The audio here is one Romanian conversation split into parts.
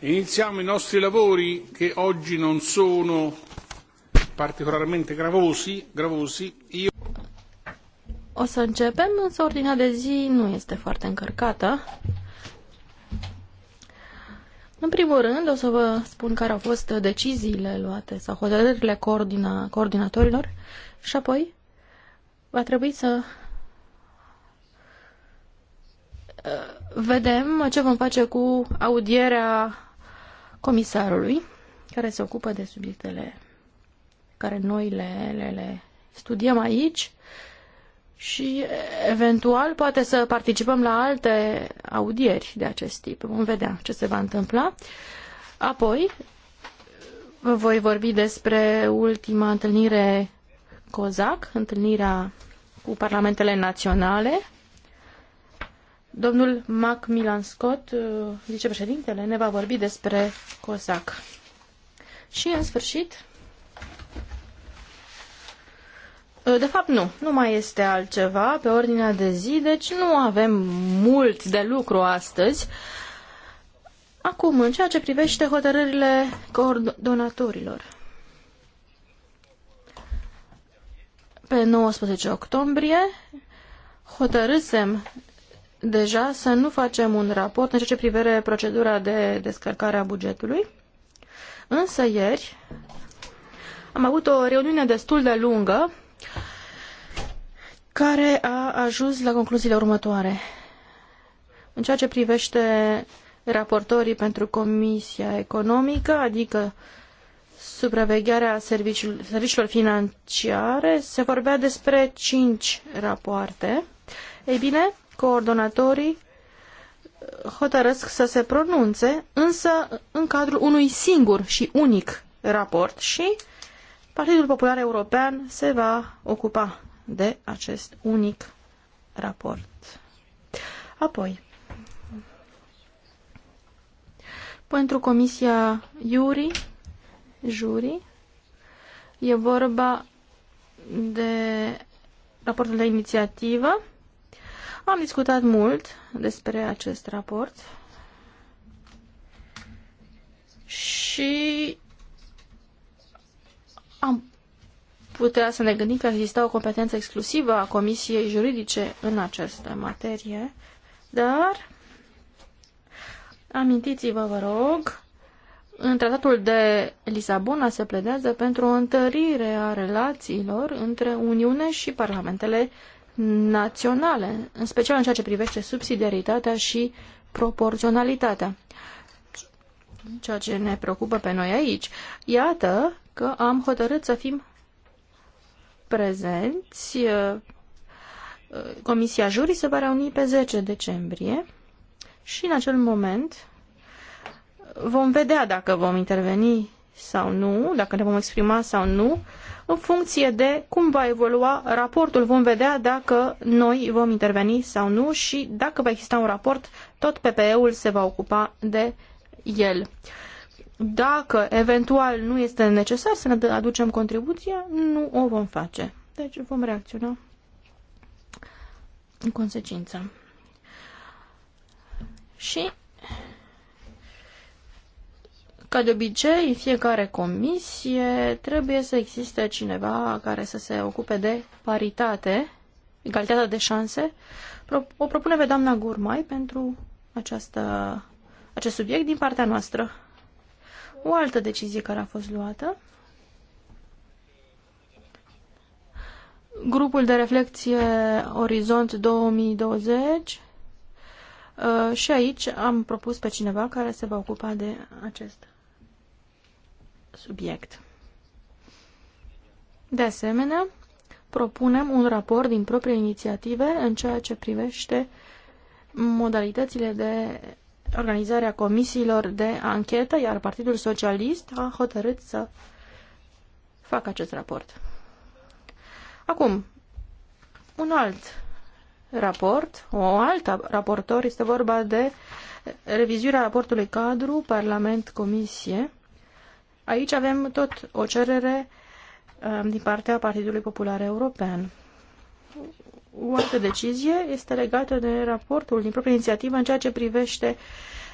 Iniziamo i nostri lavori che oggi non sono particolarmente gravosi. gravosi. Io... O să începem, însă ordinea de zi nu este foarte încărcată. În primul rând, o să vă spun care au fost deciziile luate sau hotărârile coordina, coordinatorilor și apoi va trebui să uh, vedem ce vom face cu audierea comisarului care se ocupă de subiectele care noi le, le, le studiem aici și eventual poate să participăm la alte audieri de acest tip. Vom vedea ce se va întâmpla. Apoi vă voi vorbi despre ultima întâlnire COZAC, întâlnirea cu parlamentele naționale Domnul Macmillan Scott, uh, vicepreședintele, ne va vorbi despre COSAC. Și, în sfârșit, uh, de fapt, nu. Nu mai este altceva pe ordinea de zi, deci nu avem mult de lucru astăzi. Acum, în ceea ce privește hotărârile coordonatorilor. Pe 19 octombrie hotărâsem deja să nu facem un raport în ceea ce privește procedura de descărcare a bugetului, însă ieri am avut o reuniune destul de lungă care a ajuns la concluziile următoare. În ceea ce privește raportorii pentru Comisia Economică, adică supravegherea serviciilor financiare, se vorbea despre cinci rapoarte. Ei bine, coordonatorii hotărăsc să se pronunțe, însă în cadrul unui singur și unic raport și Partidul Popular European se va ocupa de acest unic raport. Apoi, pentru Comisia Iuri, Juri, e vorba de raportul de inițiativă am discutat mult despre acest raport și am putea să ne gândim că exista o competență exclusivă a Comisiei Juridice în această materie, dar amintiți-vă, vă rog, în tratatul de Lisabona se pledează pentru o întărire a relațiilor între Uniune și parlamentele naționale, în special în ceea ce privește subsidiaritatea și proporționalitatea, ceea ce ne preocupă pe noi aici. Iată că am hotărât să fim prezenți. Comisia Jurii se va reuni pe 10 decembrie și în acel moment vom vedea dacă vom interveni sau nu, dacă ne vom exprima sau nu în funcție de cum va evolua raportul. Vom vedea dacă noi vom interveni sau nu și dacă va exista un raport, tot PPE-ul se va ocupa de el. Dacă eventual nu este necesar să ne aducem contribuția, nu o vom face. Deci vom reacționa în consecință. Și ca de obicei, în fiecare comisie trebuie să existe cineva care să se ocupe de paritate, egalitatea de șanse. O propune pe doamna Gurmai pentru această, acest subiect din partea noastră. O altă decizie care a fost luată. Grupul de reflexie Orizont 2020 uh, și aici am propus pe cineva care se va ocupa de acest subiect. De asemenea, propunem un raport din proprie inițiative în ceea ce privește modalitățile de organizare a comisiilor de anchetă, iar Partidul Socialist a hotărât să facă acest raport. Acum, un alt raport, o altă raportor, este vorba de revizuirea raportului cadru Parlament-Comisie Aici avem tot o cerere um, din partea Partidului Popular European. O altă decizie este legată de raportul din proprie inițiativă în ceea ce privește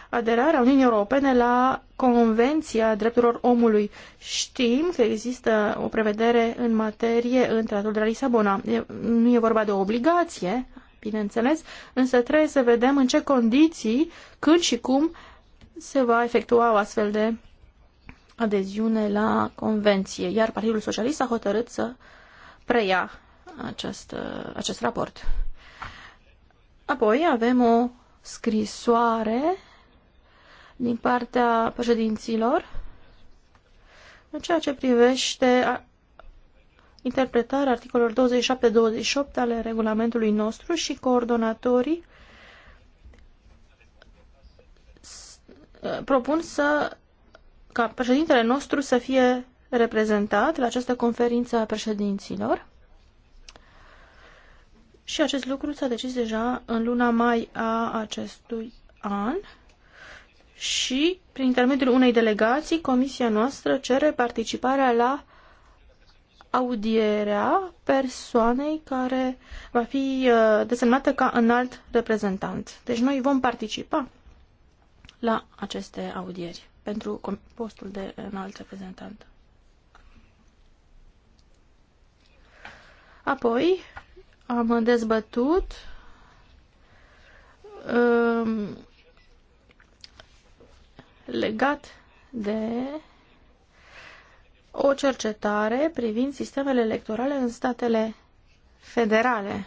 aderarea Uniunii Europene la Convenția Drepturilor Omului. Știm că există o prevedere în materie în Tratatul de la Lisabona. Nu e vorba de o obligație, bineînțeles, însă trebuie să vedem în ce condiții, când și cum se va efectua o astfel de adeziune la convenție, iar Partidul Socialist a hotărât să preia acest, acest raport. Apoi avem o scrisoare din partea președinților în ceea ce privește interpretarea articolelor 27-28 ale regulamentului nostru și coordonatorii propun să ca președintele nostru să fie reprezentat la această conferință a președinților. Și acest lucru s-a decis deja în luna mai a acestui an și, prin intermediul unei delegații, comisia noastră cere participarea la audierea persoanei care va fi uh, desemnată ca înalt reprezentant. Deci noi vom participa la aceste audieri pentru postul de înalt reprezentant. Apoi am dezbătut um, legat de o cercetare privind sistemele electorale în statele federale,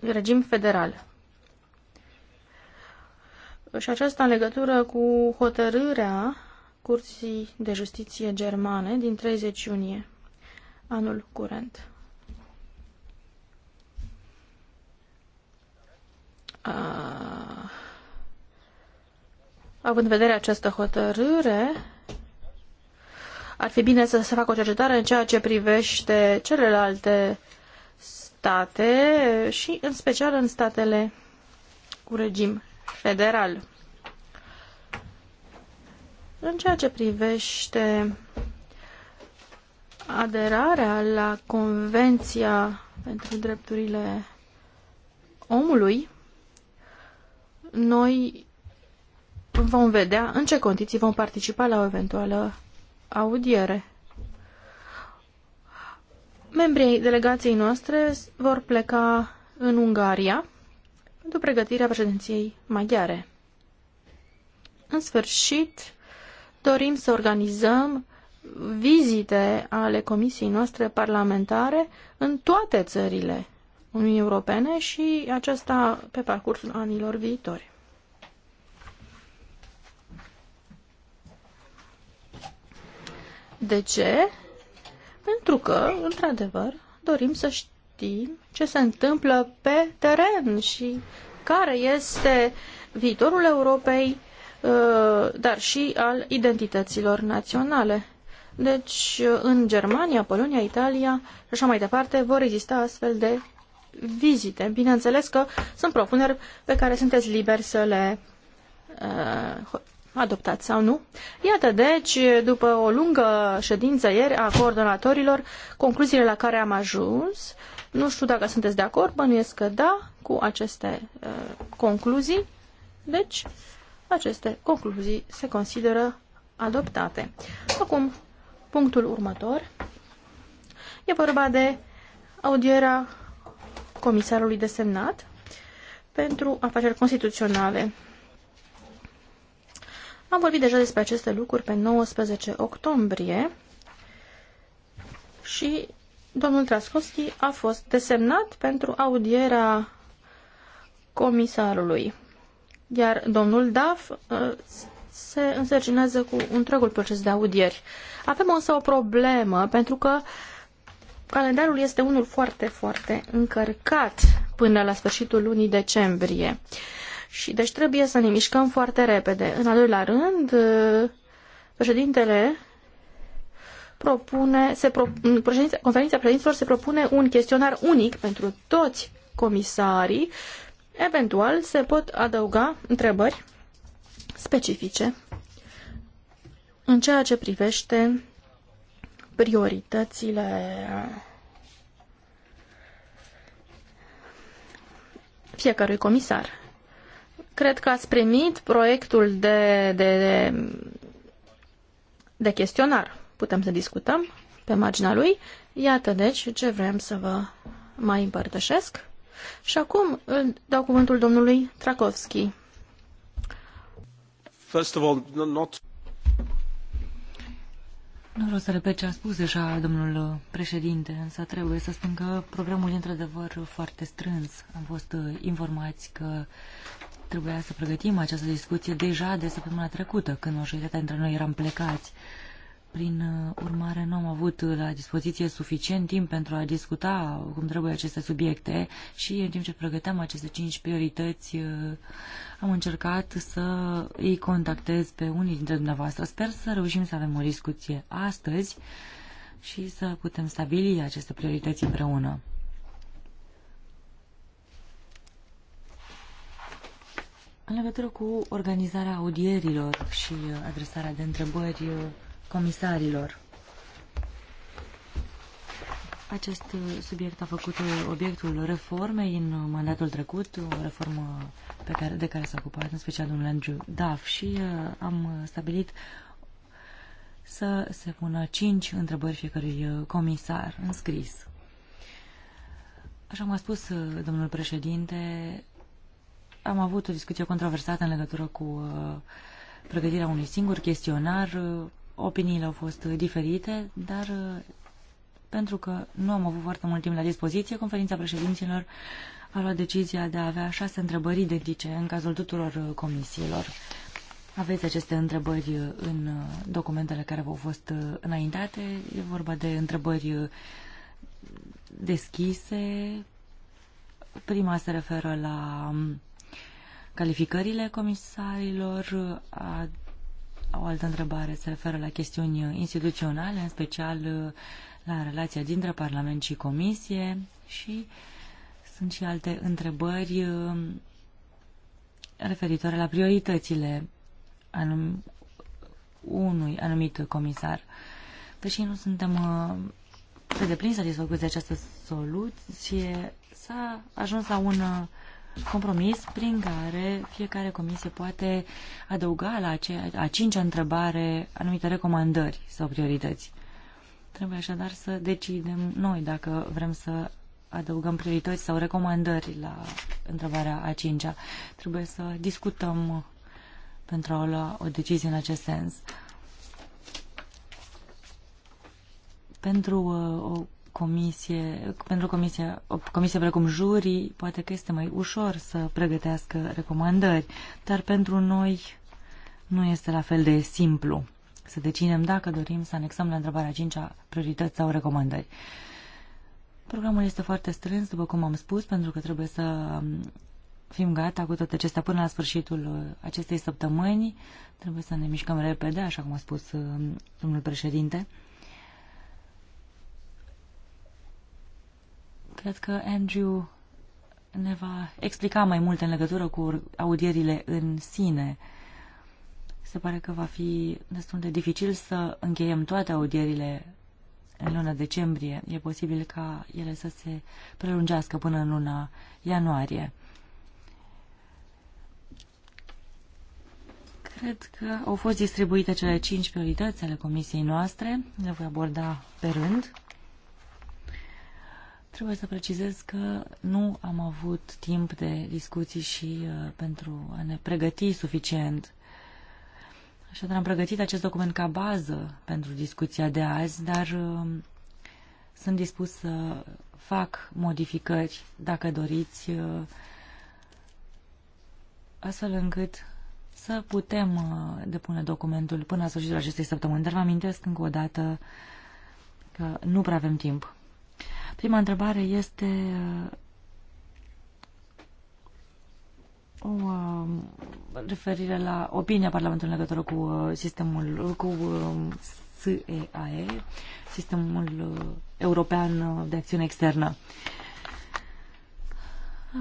regim federal și aceasta în legătură cu hotărârea Curții de Justiție Germane din 30 iunie, anul curent. A... Având în vedere această hotărâre, ar fi bine să se facă o cercetare în ceea ce privește celelalte state și în special în statele cu regim federal. În ceea ce privește aderarea la Convenția pentru drepturile omului, noi vom vedea în ce condiții vom participa la o eventuală audiere. Membrii delegației noastre vor pleca în Ungaria pentru pregătirea președinției maghiare. În sfârșit, dorim să organizăm vizite ale comisiei noastre parlamentare în toate țările Uniunii Europene și aceasta pe parcursul anilor viitori. De ce? Pentru că, într-adevăr, dorim să știm ști ce se întâmplă pe teren și care este viitorul Europei, uh, dar și al identităților naționale. Deci, uh, în Germania, Polonia, Italia și așa mai departe, vor exista astfel de vizite. Bineînțeles că sunt propuneri pe care sunteți liberi să le uh, adoptați sau nu. Iată, deci, după o lungă ședință ieri a coordonatorilor, concluziile la care am ajuns nu știu dacă sunteți de acord, bănuiesc că da cu aceste uh, concluzii. Deci, aceste concluzii se consideră adoptate. Acum, punctul următor. E vorba de audierea comisarului desemnat pentru afaceri constituționale. Am vorbit deja despre aceste lucruri pe 19 octombrie și domnul Traskovski a fost desemnat pentru audierea comisarului, iar domnul Daf uh, se însărcinează cu întregul proces de audieri. Avem însă o problemă, pentru că calendarul este unul foarte, foarte încărcat până la sfârșitul lunii decembrie. Și deci trebuie să ne mișcăm foarte repede. În al doilea rând, uh, președintele propune, se pro, conferința președinților se propune un chestionar unic pentru toți comisarii. Eventual se pot adăuga întrebări specifice în ceea ce privește prioritățile fiecărui comisar. Cred că ați primit proiectul de, de, de, de chestionar putem să discutăm pe marginea lui. Iată deci ce vrem să vă mai împărtășesc. Și acum îl dau cuvântul domnului Trakovski. First of all, not... Nu vreau să repet ce a spus deja domnul președinte, însă trebuie să spun că programul e într-adevăr foarte strâns. Am fost informați că trebuia să pregătim această discuție deja de săptămâna trecută, când majoritatea dintre noi eram plecați. Uh, prin uh, urmare, nu am avut la dispoziție suficient timp pentru a discuta cum trebuie aceste subiecte și în timp ce pregăteam aceste cinci priorități, uh, am încercat să îi contactez pe unii dintre dumneavoastră. Sper să reușim să avem o discuție astăzi și să putem stabili aceste priorități împreună. În legătură cu organizarea audierilor și adresarea de întrebări uh, comisarilor. Acest subiect a făcut obiectul reformei în mandatul trecut, o reformă pe care, de care s-a ocupat în special domnul Andrew Duff și uh, am stabilit să se pună cinci întrebări fiecărui uh, comisar înscris. Așa cum a spus uh, domnul președinte, am avut o discuție controversată în legătură cu uh, pregătirea unui singur chestionar uh, Opiniile au fost uh, diferite, dar uh, pentru că nu am avut foarte mult timp la dispoziție, conferința președinților a luat decizia de a avea șase întrebări identice în cazul tuturor uh, comisiilor. Aveți aceste întrebări în documentele care v-au fost înaintate. E vorba de întrebări deschise. Prima se referă la um, calificările comisarilor, a o altă întrebare se referă la chestiuni instituționale, în special uh, la relația dintre Parlament și Comisie și sunt și alte întrebări uh, referitoare la prioritățile anum unui anumit comisar. Deși nu suntem uh, pe deplin satisfăcuți de această soluție, s-a ajuns la un compromis prin care fiecare comisie poate adăuga la aceea, a cincea întrebare anumite recomandări sau priorități. Trebuie așadar să decidem noi dacă vrem să adăugăm priorități sau recomandări la întrebarea a cincea. Trebuie să discutăm pentru a lua o decizie în acest sens. Pentru uh, o comisie, pentru comisie, o comisie precum jurii, poate că este mai ușor să pregătească recomandări, dar pentru noi nu este la fel de simplu să decidem dacă dorim să anexăm la întrebarea 5 -a priorități sau recomandări. Programul este foarte strâns, după cum am spus, pentru că trebuie să fim gata cu toate acestea până la sfârșitul acestei săptămâni. Trebuie să ne mișcăm repede, așa cum a spus uh, domnul președinte. Cred că Andrew ne va explica mai mult în legătură cu audierile în sine. Se pare că va fi destul de dificil să încheiem toate audierile în luna decembrie. E posibil ca ele să se prelungească până în luna ianuarie. Cred că au fost distribuite cele cinci priorități ale comisiei noastre. Le voi aborda pe rând. Trebuie să precizez că nu am avut timp de discuții și uh, pentru a ne pregăti suficient. Așadar, am pregătit acest document ca bază pentru discuția de azi, dar uh, sunt dispus să fac modificări, dacă doriți, uh, astfel încât să putem uh, depune documentul până la sfârșitul acestei săptămâni. Dar vă amintesc încă o dată că nu prea avem timp. Prima întrebare este uh, o um, referire la opinia Parlamentului în legătură cu uh, sistemul, cu uh, SEAE, sistemul european de acțiune externă.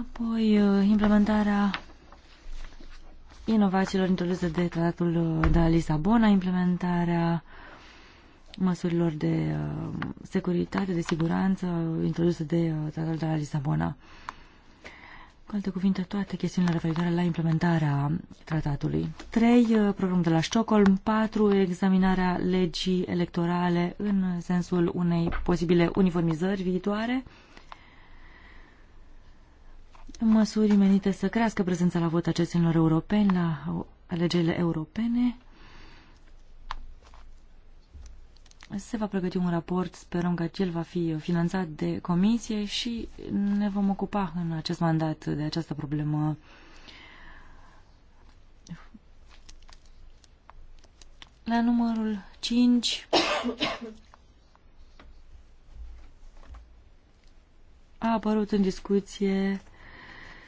Apoi, implementarea inovațiilor introduse de tratatul de la Lisabona, implementarea măsurilor de uh, securitate, de siguranță introduse de uh, Tratatul de la Lisabona. Cu alte cuvinte, toate chestiunile referitoare la implementarea tratatului. 3. Uh, programul de la Stockholm. 4. Examinarea legii electorale în sensul unei posibile uniformizări viitoare. Măsuri menite să crească prezența la vot a cetățenilor europeni la alegerile europene. se va pregăti un raport, sperăm că cel va fi finanțat de comisie și ne vom ocupa în acest mandat de această problemă la numărul 5 a apărut în discuție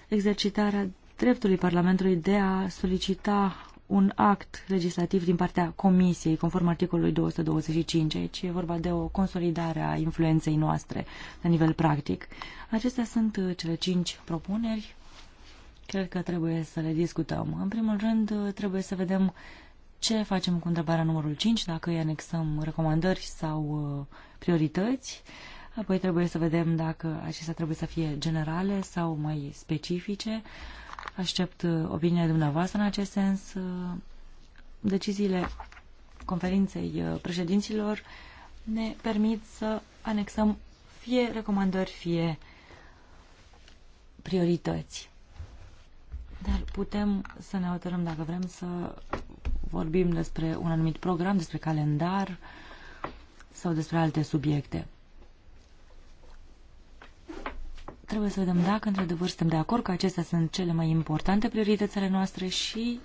exercitarea dreptului Parlamentului de a solicita un act legislativ din partea Comisiei, conform articolului 225. Aici e vorba de o consolidare a influenței noastre la nivel practic. Acestea sunt uh, cele cinci propuneri. Cred că trebuie să le discutăm. În primul rând, uh, trebuie să vedem ce facem cu întrebarea numărul 5, dacă îi anexăm recomandări sau uh, priorități. Apoi trebuie să vedem dacă acestea trebuie să fie generale sau mai specifice. Aștept uh, opinia dumneavoastră în acest sens. Uh, deciziile conferinței uh, președinților ne permit să anexăm fie recomandări, fie priorități. Dar putem să ne hotărâm dacă vrem să vorbim despre un anumit program, despre calendar sau despre alte subiecte. Trebuie să vedem dacă, într-adevăr, suntem de acord că acestea sunt cele mai importante prioritățile noastre și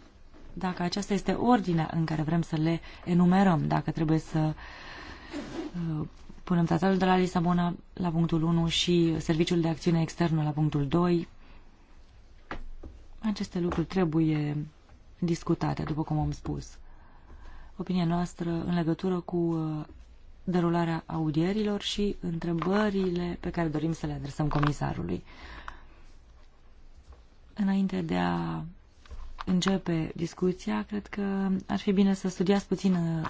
dacă aceasta este ordinea în care vrem să le enumerăm, dacă trebuie să uh, punem tratatul de la Lisabona la punctul 1 și serviciul de acțiune externă la punctul 2. Aceste lucruri trebuie discutate, după cum am spus. Opinia noastră în legătură cu uh, derularea audierilor și întrebările pe care dorim să le adresăm comisarului. Înainte de a începe discuția, cred că ar fi bine să studiați puțin uh,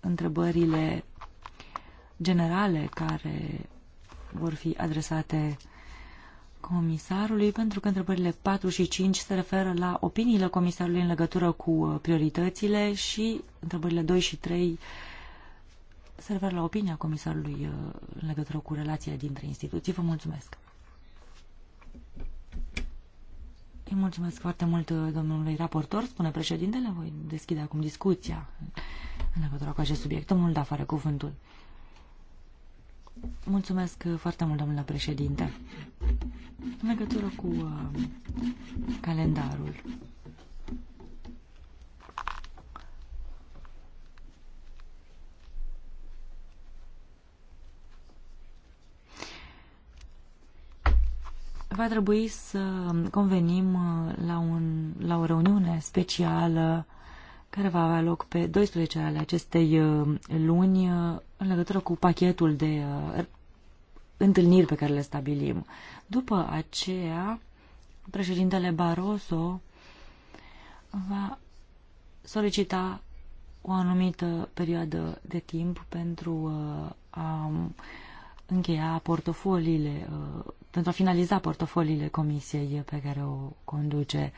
întrebările generale care vor fi adresate comisarului, pentru că întrebările 4 și 5 se referă la opiniile comisarului în legătură cu uh, prioritățile și întrebările 2 și 3 se refer la opinia comisarului uh, în legătură cu relația dintre instituții. Vă mulțumesc! Îi mulțumesc foarte mult uh, domnului raportor, spune președintele. Voi deschide acum discuția în legătură cu acest subiect. Domnul da fără cuvântul. Mulțumesc uh, foarte mult, domnule președinte. În legătură cu uh, calendarul, va trebui să convenim uh, la, un, la o reuniune specială care va avea loc pe 12 ale acestei uh, luni uh, în legătură cu pachetul de întâlniri pe care le stabilim. După aceea, președintele Barroso va solicita o anumită perioadă de timp pentru a încheia portofoliile pentru a finaliza portofoliile comisiei pe care o conduce.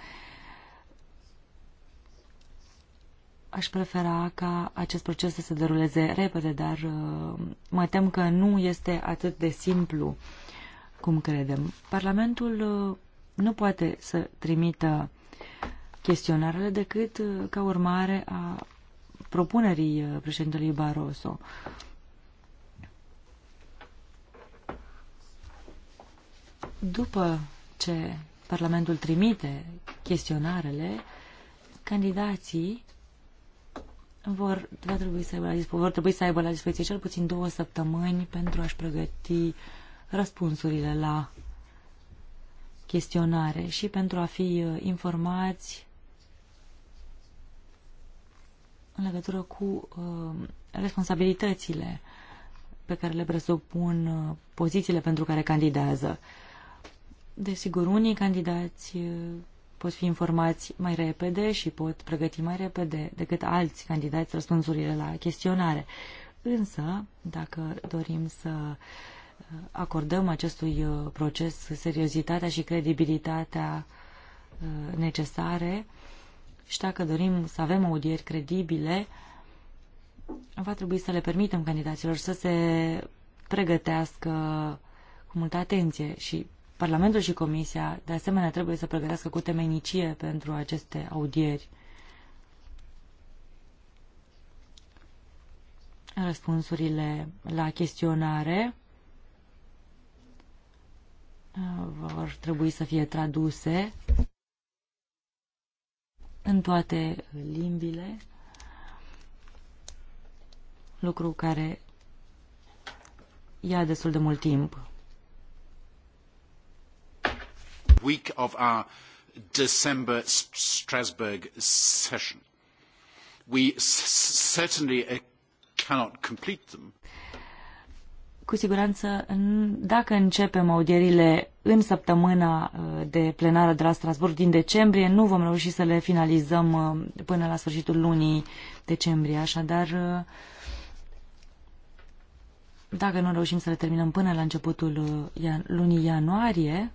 Aș prefera ca acest proces să se deruleze repede, dar uh, mă tem că nu este atât de simplu cum credem. Parlamentul uh, nu poate să trimită chestionarele decât uh, ca urmare a propunerii președintelui Barroso. După ce Parlamentul trimite chestionarele, candidații vor, va trebui să aibă la, vor trebui să aibă la dispoziție cel puțin două săptămâni pentru a-și pregăti răspunsurile la chestionare și pentru a fi uh, informați în legătură cu uh, responsabilitățile pe care le presupun uh, pozițiile pentru care candidează. Uh, Desigur, unii candidați uh, pot fi informați mai repede și pot pregăti mai repede decât alți candidați răspunsurile la chestionare. Însă, dacă dorim să uh, acordăm acestui uh, proces seriozitatea și credibilitatea necesare și dacă dorim să avem audieri credibile, va trebui să le permitem candidaților să se pregătească cu multă atenție și Parlamentul și Comisia, de asemenea, trebuie să pregătească cu temenicie pentru aceste audieri. Răspunsurile la chestionare uh, vor trebui să fie traduse în toate limbile, lucru care ia destul de mult timp. week of our December Strasbourg session. We certainly uh, cannot complete them. Cu siguranță, dacă începem audierile în săptămâna uh, de plenară de la Strasburg din decembrie, nu vom reuși să le finalizăm uh, până la sfârșitul lunii decembrie. Așadar, dacă nu reușim să le terminăm până la începutul lunii ianuarie,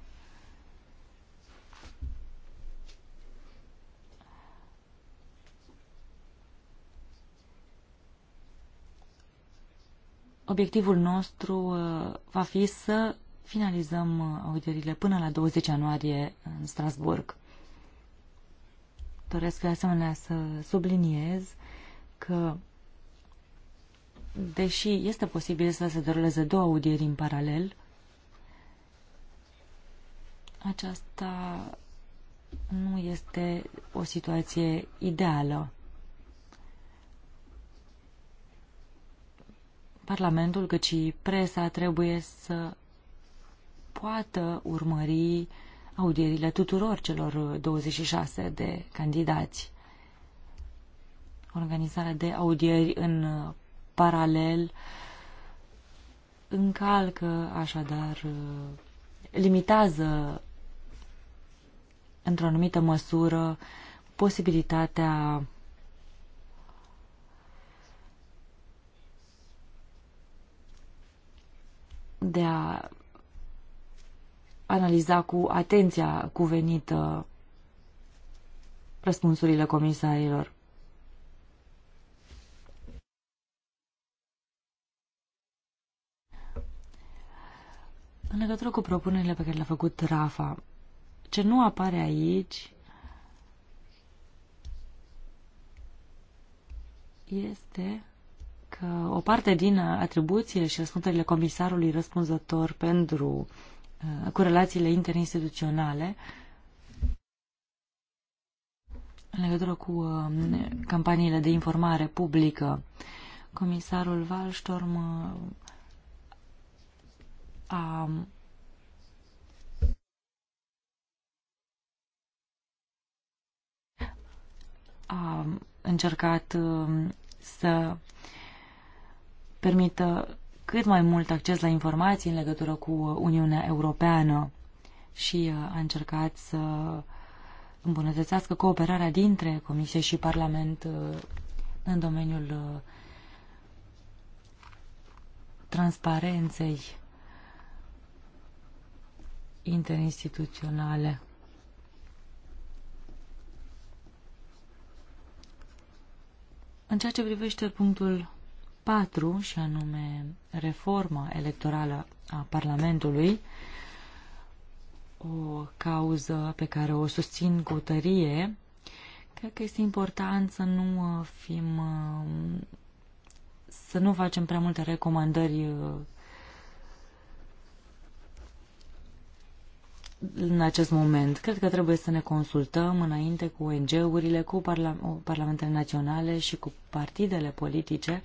Obiectivul nostru uh, va fi să finalizăm uh, audierile până la 20 ianuarie în Strasburg. Doresc de asemenea să subliniez că deși este posibil să se deruleze două audieri în paralel, aceasta nu este o situație ideală. Parlamentul cât și presa trebuie să poată urmări audierile tuturor celor 26 de candidați. Organizarea de audieri în paralel încalcă, așadar, limitează într-o anumită măsură posibilitatea de a analiza cu atenția cuvenită uh, răspunsurile comisarilor. În legătură cu propunerile pe care le-a făcut Rafa, ce nu apare aici este că o parte din atribuțiile și răspunderile comisarului răspunzător pentru uh, cu relațiile interinstituționale în legătură cu uh, campaniile de informare publică. Comisarul Wallstorm uh, a a încercat să permită cât mai mult acces la informații în legătură cu Uniunea Europeană și uh, a încercat să îmbunătățească cooperarea dintre Comisie și Parlament uh, în domeniul uh, transparenței interinstituționale. În ceea ce privește punctul 4, și anume reforma electorală a Parlamentului, o cauză pe care o susțin cu tărie, cred că este important să nu uh, fim uh, să nu facem prea multe recomandări uh, în acest moment. Cred că trebuie să ne consultăm înainte cu ONG-urile, cu parla parlamentele naționale și cu partidele politice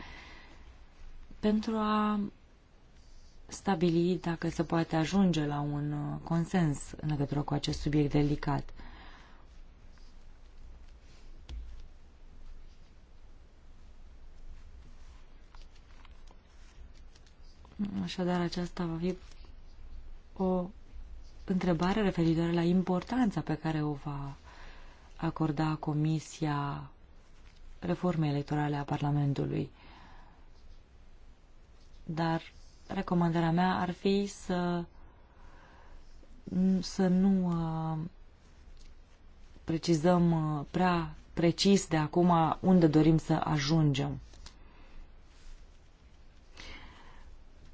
pentru a stabili dacă se poate ajunge la un uh, consens în legătură cu acest subiect delicat. Așadar, aceasta va fi o întrebare referitoare la importanța pe care o va acorda Comisia Reformei Electorale a Parlamentului dar recomandarea mea ar fi să, să nu uh, precizăm uh, prea precis de acum unde dorim să ajungem.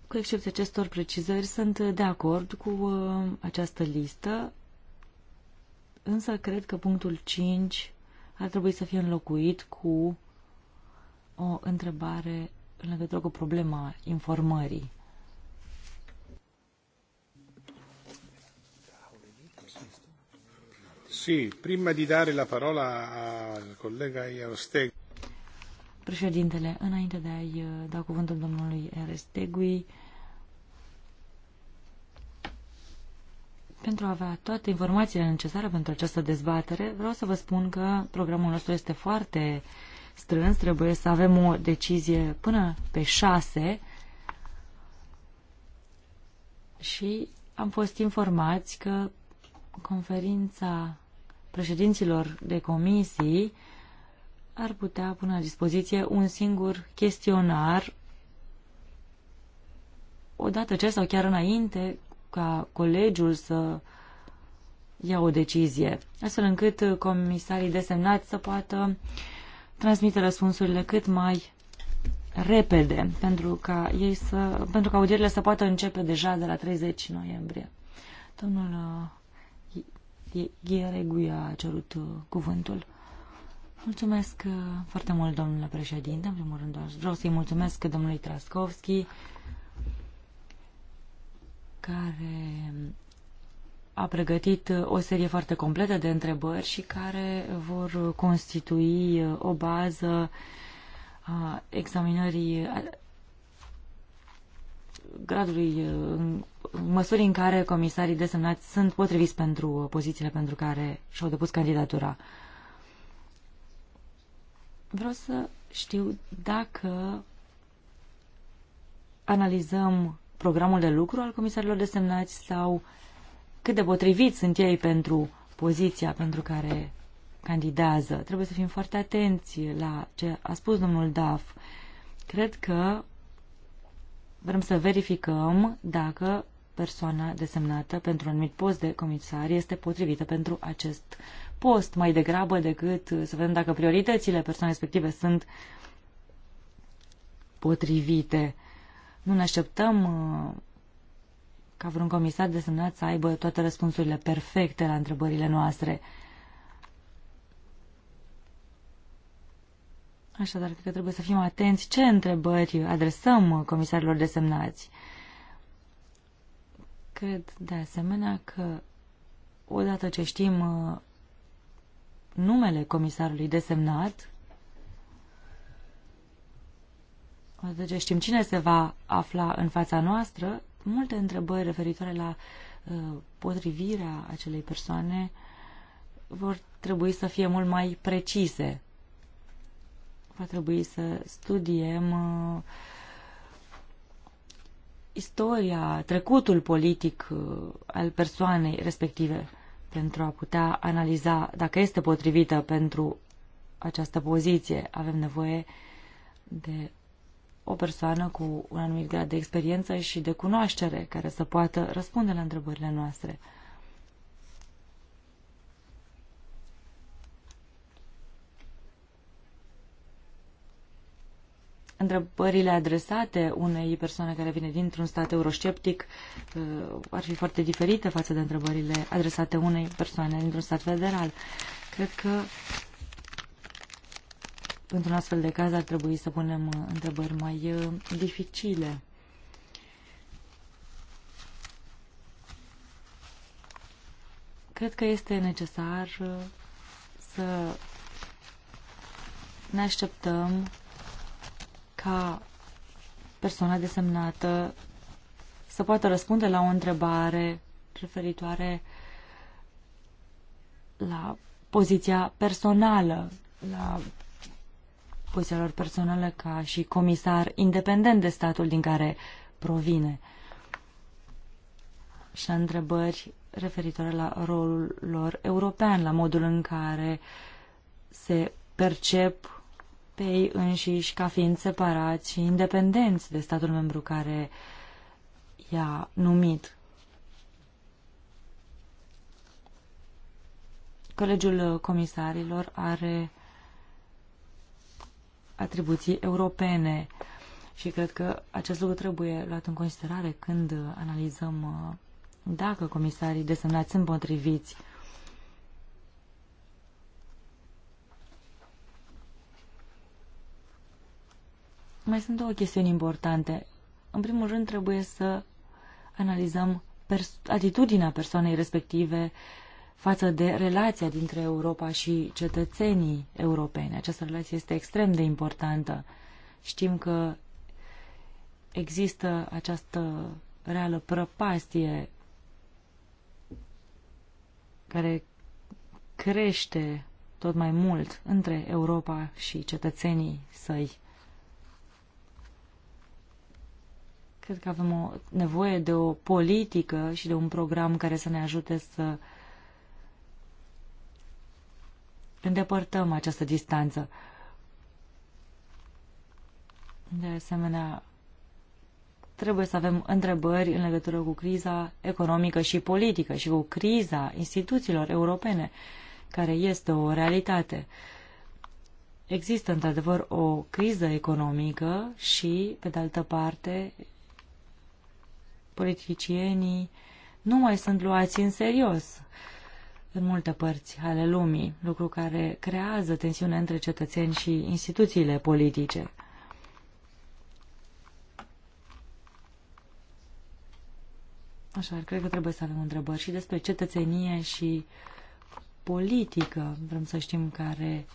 Cu excepția acestor precizări, sunt de acord cu uh, această listă, însă cred că punctul 5 ar trebui să fie înlocuit cu o întrebare în legătură cu problema informării. Sì, prima di dare la parola al collega Iarostegui. Președintele, înainte de a-i uh, da cuvântul domnului Iarostegui, pentru a avea toate informațiile necesare pentru această dezbatere, vreau să vă spun că programul nostru este foarte uh, strâns, trebuie să avem o decizie până pe 6 și am fost informați că conferința președinților de comisii ar putea pune la dispoziție un singur chestionar odată ce sau chiar înainte ca colegiul să ia o decizie, astfel încât comisarii desemnați să poată transmite răspunsurile cât mai repede, pentru ca, ei să, pentru ca audierile să poată începe deja de la 30 noiembrie. Domnul uh, Gheregui a cerut uh, cuvântul. Mulțumesc uh, foarte mult, domnule președinte. În primul rând, vreau să-i mulțumesc domnului Traskovski, care a pregătit uh, o serie foarte completă de întrebări și care vor constitui uh, o bază a examinării gradului, uh, măsurii în care comisarii desemnați sunt potriviți pentru pozițiile pentru care și-au depus candidatura. Vreau să știu dacă analizăm programul de lucru al comisarilor desemnați sau uh, cât de potrivit sunt ei pentru poziția pentru care candidează. Trebuie să fim foarte atenți la ce a spus domnul Daf. Cred că vrem să verificăm dacă persoana desemnată pentru un anumit post de comisar este potrivită pentru acest post, mai degrabă decât să vedem dacă prioritățile persoanei respective sunt potrivite. Nu ne așteptăm uh, ca vreun comisar desemnat să aibă toate răspunsurile perfecte la întrebările noastre. Așadar, cred că trebuie să fim atenți ce întrebări adresăm comisarilor desemnați. Cred, de asemenea, că odată ce știm uh, numele comisarului desemnat, odată ce știm cine se va afla în fața noastră, multe întrebări referitoare la uh, potrivirea acelei persoane vor trebui să fie mult mai precise. Va trebui să studiem uh, istoria, trecutul politic uh, al persoanei respective pentru a putea analiza dacă este potrivită pentru această poziție. Avem nevoie de o persoană cu un anumit grad de experiență și de cunoaștere care să poată răspunde la întrebările noastre. întrebările adresate unei persoane care vine dintr-un stat eurosceptic uh, ar fi foarte diferite față de întrebările adresate unei persoane dintr-un stat federal. Cred că într-un astfel de caz ar trebui să punem uh, întrebări mai uh, dificile. Cred că este necesar uh, să ne așteptăm ca persoana desemnată să poată răspunde la o întrebare referitoare la poziția personală, la dispozițiilor personale ca și comisar independent de statul din care provine și la întrebări referitoare la rolul lor european, la modul în care se percep pe ei înșiși ca fiind separați și independenți de statul membru care i-a numit. Colegiul comisarilor are atribuții europene. Și cred că acest lucru trebuie luat în considerare când uh, analizăm uh, dacă comisarii desemnați sunt potriviți. Mai sunt două chestiuni importante. În primul rând trebuie să analizăm pers atitudinea persoanei respective uh, față de relația dintre Europa și cetățenii europeni. Această relație este extrem de importantă. Știm că există această reală prăpastie care crește tot mai mult între Europa și cetățenii săi. Cred că avem o nevoie de o politică și de un program care să ne ajute să îndepărtăm această distanță. De asemenea, trebuie să avem întrebări în legătură cu criza economică și politică și cu criza instituțiilor europene, care este o realitate. Există într-adevăr o criză economică și, pe de altă parte, politicienii nu mai sunt luați în serios. Uh, în multe părți ale lumii, lucru care creează tensiune între cetățeni și instituțiile politice. Așa, cred că trebuie să avem întrebări și despre cetățenie și politică. Vrem să știm care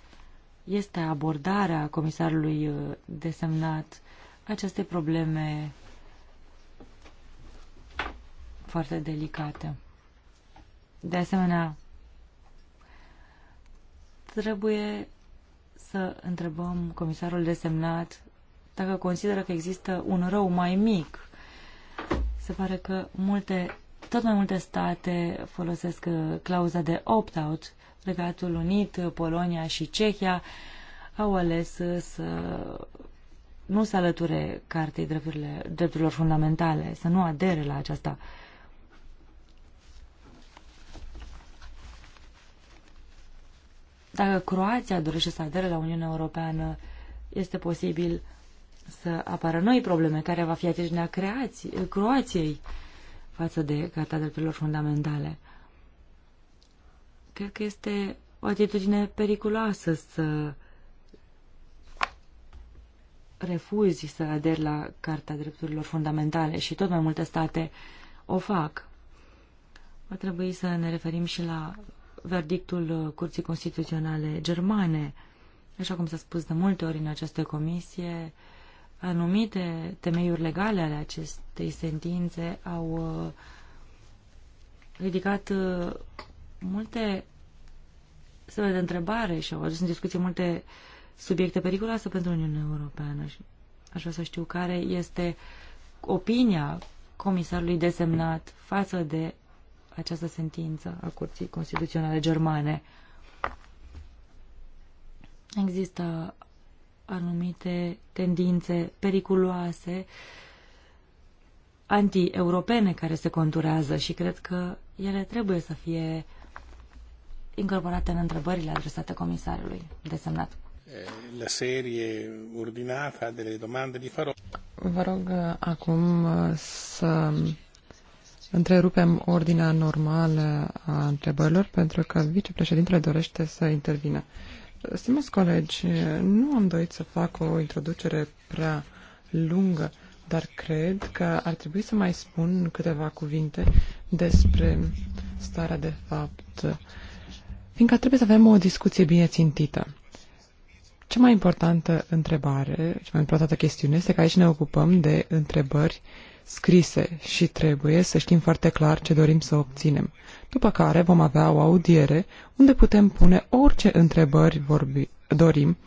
este abordarea comisarului uh, desemnat aceste probleme foarte delicate. De asemenea, Trebuie să întrebăm comisarul desemnat dacă consideră că există un rău mai mic. Se pare că multe, tot mai multe state folosesc uh, clauza de opt-out. Regatul Unit, uh, Polonia și Cehia au ales uh, să nu se alăture Cartei drepturilor fundamentale, să nu adere la aceasta. Dacă Croația dorește să adere la Uniunea Europeană, este posibil să apară noi probleme, care va fi atitudinea Croației față de Carta Drepturilor Fundamentale. Cred că este o atitudine periculoasă să refuzi să aderi la Carta Drepturilor Fundamentale și tot mai multe state o fac. Va trebui să ne referim și la verdictul uh, Curții Constituționale Germane. Așa cum s-a spus de multe ori în această comisie, anumite temeiuri legale ale acestei sentințe au uh, ridicat uh, multe semne de întrebare și au adus în discuție multe subiecte periculoase pentru Uniunea Europeană. Și aș vrea să știu care este opinia comisarului desemnat față de această sentință a Curții Constituționale Germane. Există anumite tendințe periculoase anti-europene care se conturează și cred că ele trebuie să fie incorporate în întrebările adresate comisarului desemnat. La serie ordinată de domande di farò. Vă rog uh, acum uh, să Întrerupem ordinea normală a întrebărilor pentru că vicepreședintele dorește să intervină. Stimați colegi, nu am dorit să fac o introducere prea lungă, dar cred că ar trebui să mai spun câteva cuvinte despre starea de fapt, fiindcă trebuie să avem o discuție bine țintită. Cea mai importantă întrebare, cea mai importantă chestiune este că aici ne ocupăm de întrebări uh, scrise și trebuie să știm foarte clar ce dorim să obținem. După care vom avea o audiere unde putem pune orice întrebări vorbi, dorim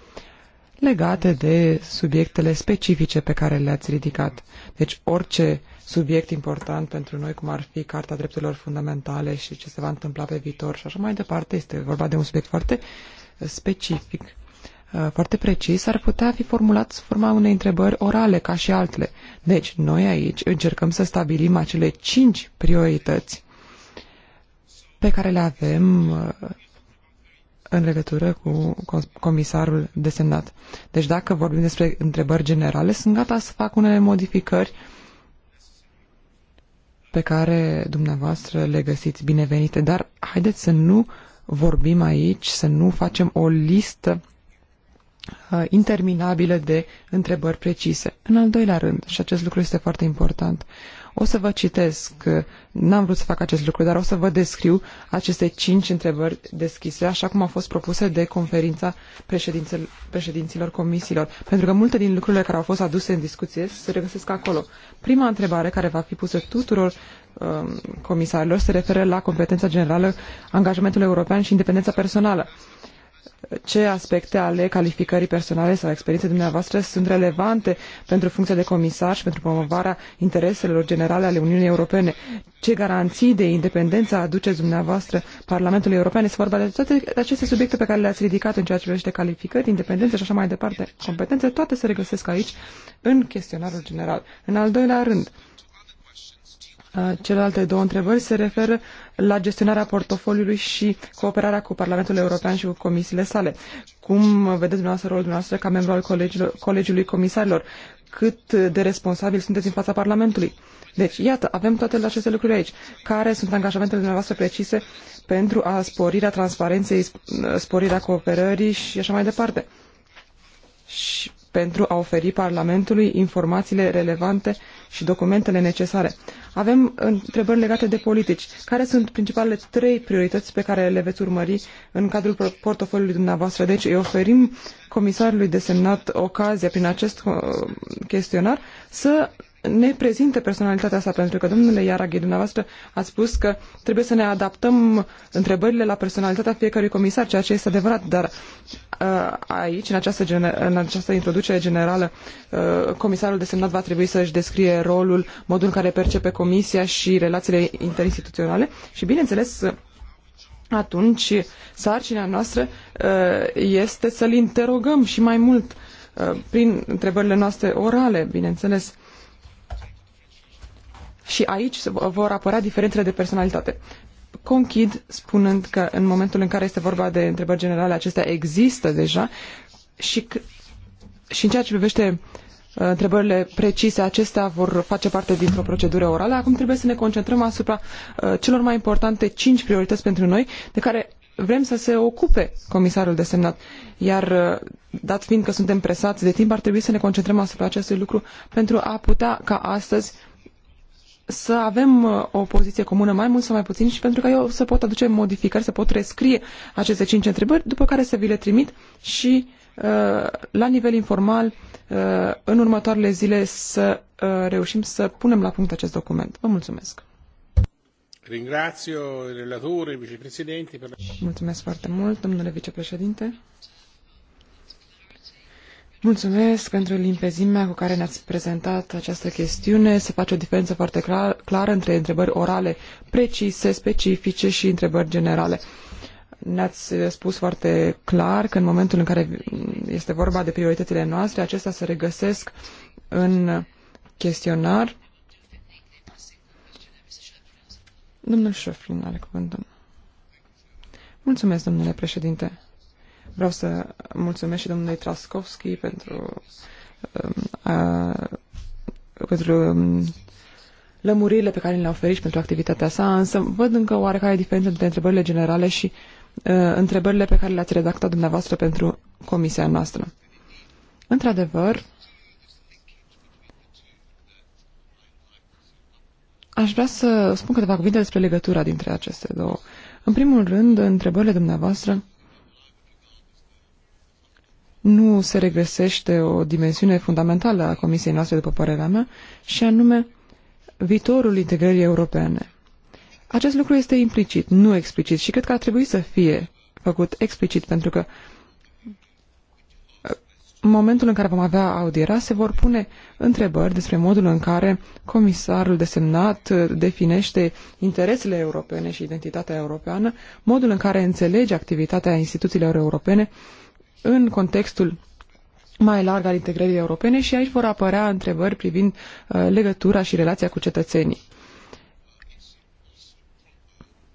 legate de subiectele specifice pe care le-ați ridicat. Deci orice subiect important pentru noi, cum ar fi Carta Drepturilor Fundamentale și ce se va întâmpla pe viitor și așa mai departe, este vorba de un subiect foarte specific Uh, foarte precis, ar putea fi formulat sub forma unei întrebări orale, ca și altele. Deci, noi aici încercăm să stabilim acele cinci priorități pe care le avem uh, în legătură cu comisarul desemnat. Deci dacă vorbim despre întrebări generale, sunt gata să fac unele modificări pe care dumneavoastră le găsiți binevenite, dar haideți să nu vorbim aici, să nu facem o listă Uh, interminabile de întrebări precise. În al doilea rând, și acest lucru este foarte important, o să vă citesc, uh, n-am vrut să fac acest lucru, dar o să vă descriu aceste cinci întrebări deschise, așa cum au fost propuse de conferința președinților comisiilor, pentru că multe din lucrurile care au fost aduse în discuție se regăsesc acolo. Prima întrebare care va fi pusă tuturor um, comisarilor se referă la competența generală, angajamentul european și independența personală. Uh, ce aspecte ale calificării personale sau experienței dumneavoastră sunt relevante pentru funcția de comisar și pentru promovarea intereselor generale ale Uniunii Europene? Ce garanții de independență aduceți dumneavoastră Parlamentului European? Este vorba de toate aceste subiecte pe care le-ați ridicat în ceea ce privește calificări, independență și așa mai departe, competențe, toate se regăsesc aici în chestionarul general. În al doilea rând, Celelalte două întrebări se referă la gestionarea portofoliului și cooperarea cu Parlamentul European și cu comisiile sale. Cum vedeți dumneavoastră rolul dumneavoastră ca membru al Colegiului Comisarilor? Cât de responsabil sunteți în fața Parlamentului? Deci, iată, avem toate aceste lucruri aici. Care sunt angajamentele dumneavoastră precise pentru a sporirea transparenței, sporirea cooperării și așa mai departe? Și pentru a oferi Parlamentului informațiile relevante și documentele necesare. Avem întrebări legate de politici. Care sunt principalele trei priorități pe care le veți urmări în cadrul portofoliului dumneavoastră? Deci îi oferim comisarului desemnat ocazia prin acest uh, chestionar să ne prezinte personalitatea sa, pentru că, domnule Iaraghi, dumneavoastră ați spus că trebuie să ne adaptăm întrebările la personalitatea fiecărui comisar, ceea ce este adevărat, dar uh, aici, în această, în această introducere generală, uh, comisarul desemnat va trebui să își descrie rolul, modul în care percepe comisia și relațiile interinstituționale și, bineînțeles, atunci sarcina noastră uh, este să-l interogăm și mai mult prin întrebările noastre orale, bineînțeles. Și aici vor apărea diferențele de personalitate. Conchid spunând că în momentul în care este vorba de întrebări generale, acestea există deja și, și în ceea ce privește uh, întrebările precise, acestea vor face parte dintr-o procedură orală. Acum trebuie să ne concentrăm asupra uh, celor mai importante cinci priorități pentru noi, de care vrem să se ocupe comisarul desemnat. Iar uh, dat fiind că suntem presați de timp, ar trebui să ne concentrăm asupra acestui lucru pentru a putea ca astăzi să avem uh, o poziție comună mai mult sau mai puțin și pentru că eu să pot aduce modificări, să pot rescrie aceste cinci întrebări, după care să vi le trimit și uh, la nivel informal uh, în următoarele zile să reușim să punem la punct acest document. Vă mulțumesc! Ringrazio relatori vicepresidenti. Mulțumesc foarte mult, domnule vicepreședinte. Mulțumesc pentru limpezimea cu care ne-ați prezentat această chestiune. Se face o diferență foarte clar, clară între întrebări orale precise, specifice și întrebări generale. Ne-ați spus foarte clar că în momentul în care este vorba de prioritățile noastre, acestea se regăsesc în chestionar. Domnul Șoflin are cuvântul. Mulțumesc, domnule președinte. Vreau să mulțumesc și domnului Traskovski pentru, uh, pentru um, lămurile pe care le-a oferit și pentru activitatea sa, însă văd încă oarecare diferență între întrebările generale și uh, întrebările pe care le-ați redactat dumneavoastră pentru comisia noastră. Într-adevăr, aș vrea să spun câteva cuvinte despre legătura dintre aceste două. În primul rând, întrebările dumneavoastră nu se regresește o dimensiune fundamentală a Comisiei noastre, după părerea mea, și anume viitorul integrării europene. Acest lucru este implicit, nu explicit și cred că ar trebui să fie făcut explicit, pentru că în momentul în care vom avea audiera, se vor pune întrebări despre modul în care comisarul desemnat definește interesele europene și identitatea europeană, modul în care înțelege activitatea instituțiilor europene în contextul mai larg al integrării europene și aici vor apărea întrebări privind uh, legătura și relația cu cetățenii.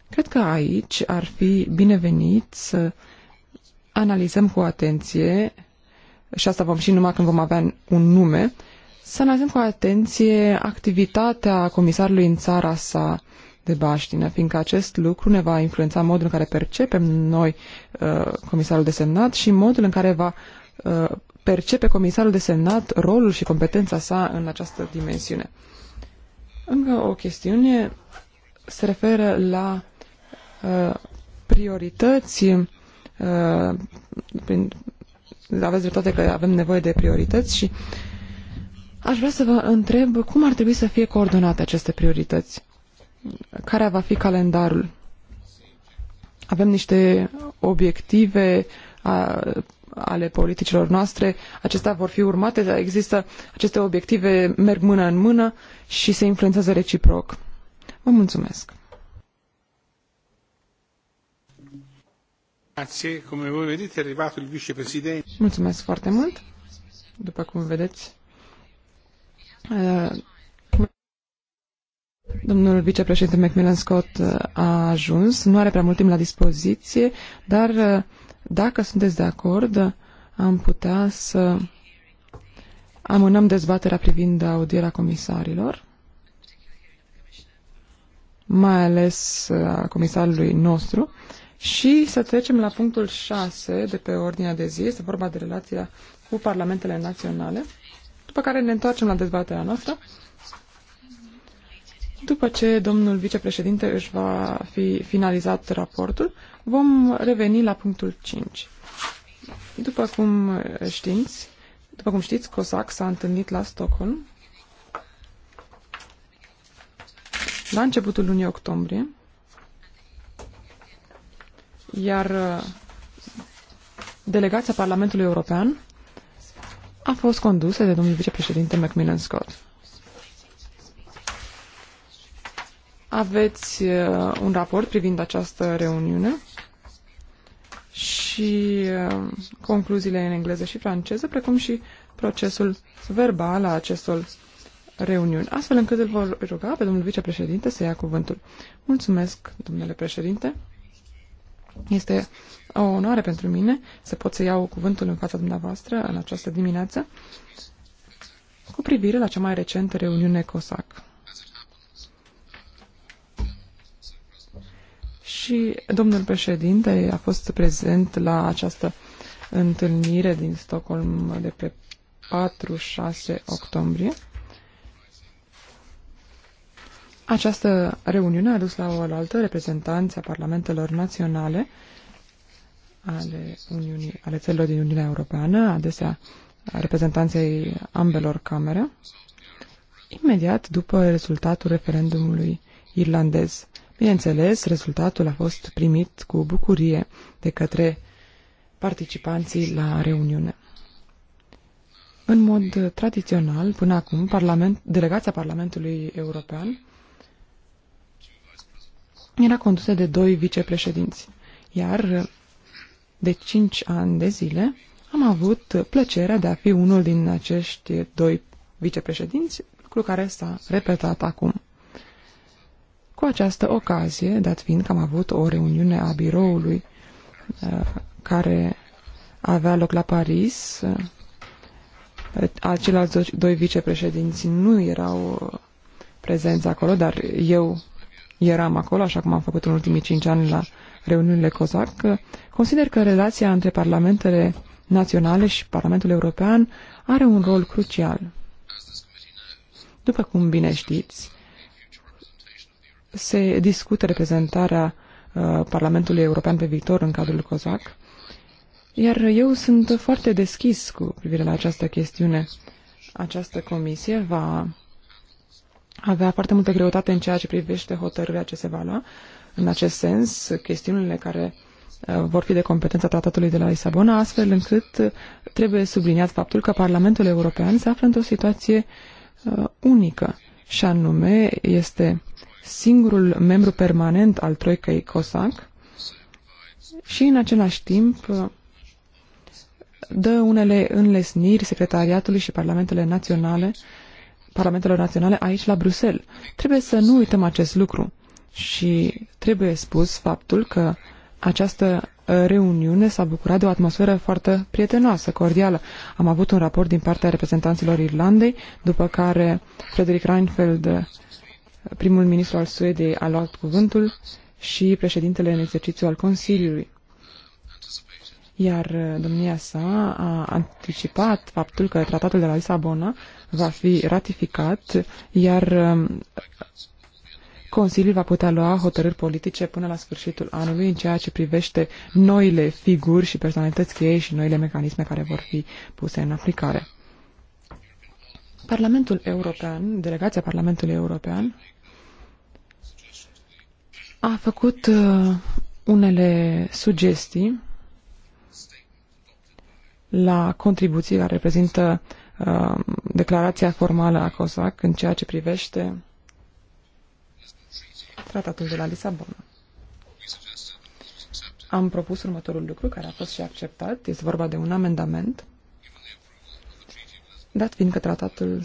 Cred că aici ar fi binevenit să analizăm cu atenție, și asta vom și numai când vom avea un nume, să analizăm cu atenție activitatea comisarului în țara sa, de baștină, fiindcă acest lucru ne va influența modul în care percepem noi uh, comisarul desemnat și modul în care va uh, percepe comisarul desemnat rolul și competența sa în această dimensiune. Încă o chestiune se referă la uh, priorități. Uh, prin, aveți dreptate că avem nevoie de priorități și aș vrea să vă întreb cum ar trebui să fie coordonate aceste priorități care va fi calendarul? Avem niște obiective a, ale politicilor noastre, acestea vor fi urmate, dar există aceste obiective merg mână în mână și se influențează reciproc. Vă mulțumesc! Mulțumesc foarte mult! După cum vedeți, Domnul vicepreședinte Macmillan Scott uh, a ajuns, nu are prea mult timp la dispoziție, dar uh, dacă sunteți de acord, am putea să amânăm dezbaterea privind audierea comisarilor, mai ales uh, a comisarului nostru, și să trecem la punctul 6 de pe ordinea de zi, este vorba de relația cu parlamentele naționale, după care ne întoarcem la dezbaterea noastră după ce domnul vicepreședinte își va fi finalizat raportul, vom reveni la punctul 5. După cum știți, după cum știți, COSAC s-a întâlnit la Stockholm la începutul lunii octombrie, iar uh, delegația Parlamentului European a fost condusă de domnul vicepreședinte Macmillan Scott. Aveți uh, un raport privind această reuniune și uh, concluziile în engleză și franceză, precum și procesul verbal a acestor reuniuni, astfel încât îl vor ruga pe domnul vicepreședinte să ia cuvântul. Mulțumesc, domnule președinte. Este o onoare pentru mine să pot să iau cuvântul în fața dumneavoastră în această dimineață cu privire la cea mai recentă reuniune COSAC. și domnul președinte a fost prezent la această întâlnire din Stockholm de pe 4-6 octombrie. Această reuniune a dus la o altă reprezentanță a parlamentelor naționale ale, Uniunii, ale țărilor din Uniunea Europeană, adesea reprezentanței ambelor camere, imediat după rezultatul referendumului irlandez. Bineînțeles, rezultatul a fost primit cu bucurie de către participanții la reuniune. În mod tradițional, până acum, parlament, delegația Parlamentului European era condusă de doi vicepreședinți, iar de cinci ani de zile am avut plăcerea de a fi unul din acești doi vicepreședinți, lucru care s-a repetat acum. Cu această ocazie, dat fiind că am avut o reuniune a biroului uh, care avea loc la Paris, uh, aceilalți doi vicepreședinți nu erau prezenți acolo, dar eu eram acolo, așa cum am făcut în ultimii cinci ani la reuniunile COSAC, consider că relația între parlamentele naționale și Parlamentul European are un rol crucial. După cum bine știți, se discută reprezentarea uh, Parlamentului European pe viitor în cadrul COSAC, iar eu sunt foarte deschis cu privire la această chestiune. Această comisie va avea foarte multă greutate în ceea ce privește hotărârea ce se va lua. În acest sens, chestiunile care uh, vor fi de competența tratatului de la Lisabona, astfel încât trebuie subliniat faptul că Parlamentul European se află într-o situație uh, unică și anume este singurul membru permanent al Troicăi COSAC și în același timp dă unele înlesniri secretariatului și parlamentele naționale, parlamentelor naționale aici la Bruxelles. Trebuie să nu uităm acest lucru și trebuie spus faptul că această uh, reuniune s-a bucurat de o atmosferă foarte prietenoasă, cordială. Am avut un raport din partea reprezentanților Irlandei, după care Frederick Reinfeld Primul ministru al Suediei a luat cuvântul și președintele în exercițiu al Consiliului. Iar uh, domnia sa a anticipat faptul că tratatul de la Lisabona va fi ratificat, iar um, Consiliul va putea lua hotărâri politice până la sfârșitul anului în ceea ce privește noile figuri și personalități cheie și noile mecanisme care vor fi puse în aplicare. Parlamentul European, delegația Parlamentului European, a făcut uh, unele sugestii la contribuții care reprezintă uh, declarația formală a COSAC în ceea ce privește tratatul de la Lisabona. Am propus următorul lucru care a fost și acceptat. Este vorba de un amendament Dat fiindcă tratatul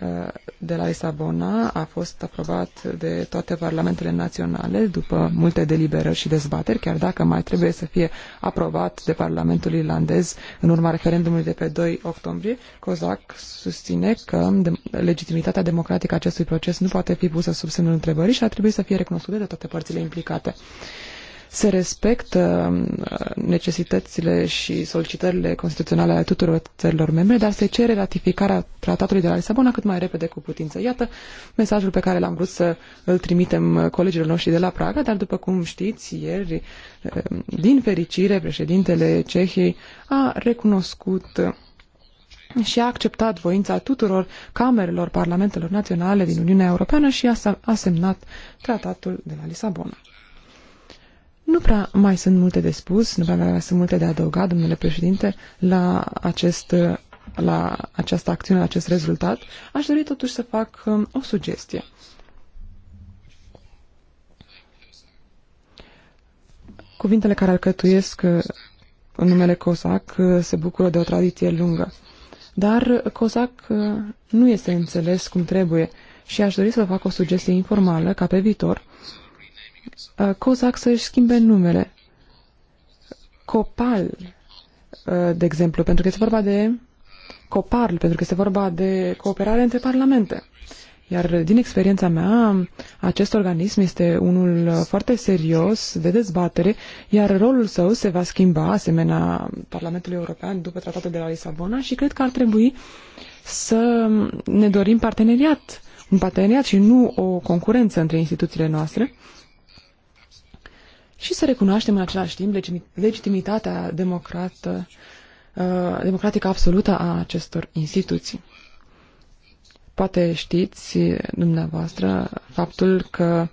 uh, de la Lisabona a fost aprobat de toate parlamentele naționale după multe deliberări și dezbateri, chiar dacă mai trebuie să fie aprobat de Parlamentul irlandez în urma referendumului de pe 2 octombrie, COSAC susține că legitimitatea democratică a acestui proces nu poate fi pusă sub semnul întrebării și ar trebui să fie recunoscută de toate părțile implicate se respectă um, necesitățile și solicitările constituționale ale tuturor țărilor membre, dar se cere ratificarea tratatului de la Lisabona cât mai repede cu putință. Iată mesajul pe care l-am vrut să îl trimitem colegilor noștri de la Praga, dar după cum știți, ieri, um, din fericire, președintele Cehiei a recunoscut um, și a acceptat voința tuturor camerelor parlamentelor naționale din Uniunea Europeană și a semnat tratatul de la Lisabona. Nu prea mai sunt multe de spus, nu prea mai sunt multe de adăugat, domnule președinte, la, acest, la această acțiune, la acest rezultat. Aș dori totuși să fac um, o sugestie. Cuvintele care alcătuiesc uh, în numele COSAC uh, se bucură de o tradiție lungă. Dar COSAC uh, nu este înțeles cum trebuie și aș dori să vă fac o sugestie informală ca pe viitor Uh, COSAC să-și schimbe numele. COPAL, uh, de exemplu, pentru că este vorba de COPARL, pentru că este vorba de cooperare între parlamente. Iar din experiența mea, acest organism este unul uh, foarte serios de dezbatere, iar rolul său se va schimba, asemenea Parlamentului European, după tratatul de la Lisabona și cred că ar trebui să ne dorim parteneriat, un parteneriat și nu o concurență între instituțiile noastre și să recunoaștem în același timp legitimitatea democrată, uh, democratică absolută a acestor instituții. Poate știți dumneavoastră faptul că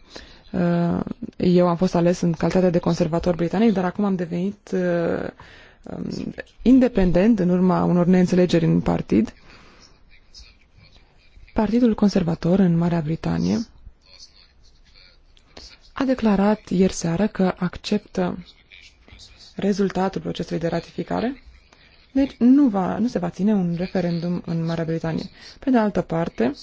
uh, eu am fost ales în calitate de conservator britanic, dar acum am devenit uh, um, independent în urma unor neînțelegeri în partid. Partidul Conservator în Marea Britanie a declarat ieri seară că acceptă rezultatul procesului de ratificare, deci nu, va, nu se va ține un referendum în Marea Britanie. Pe de altă parte,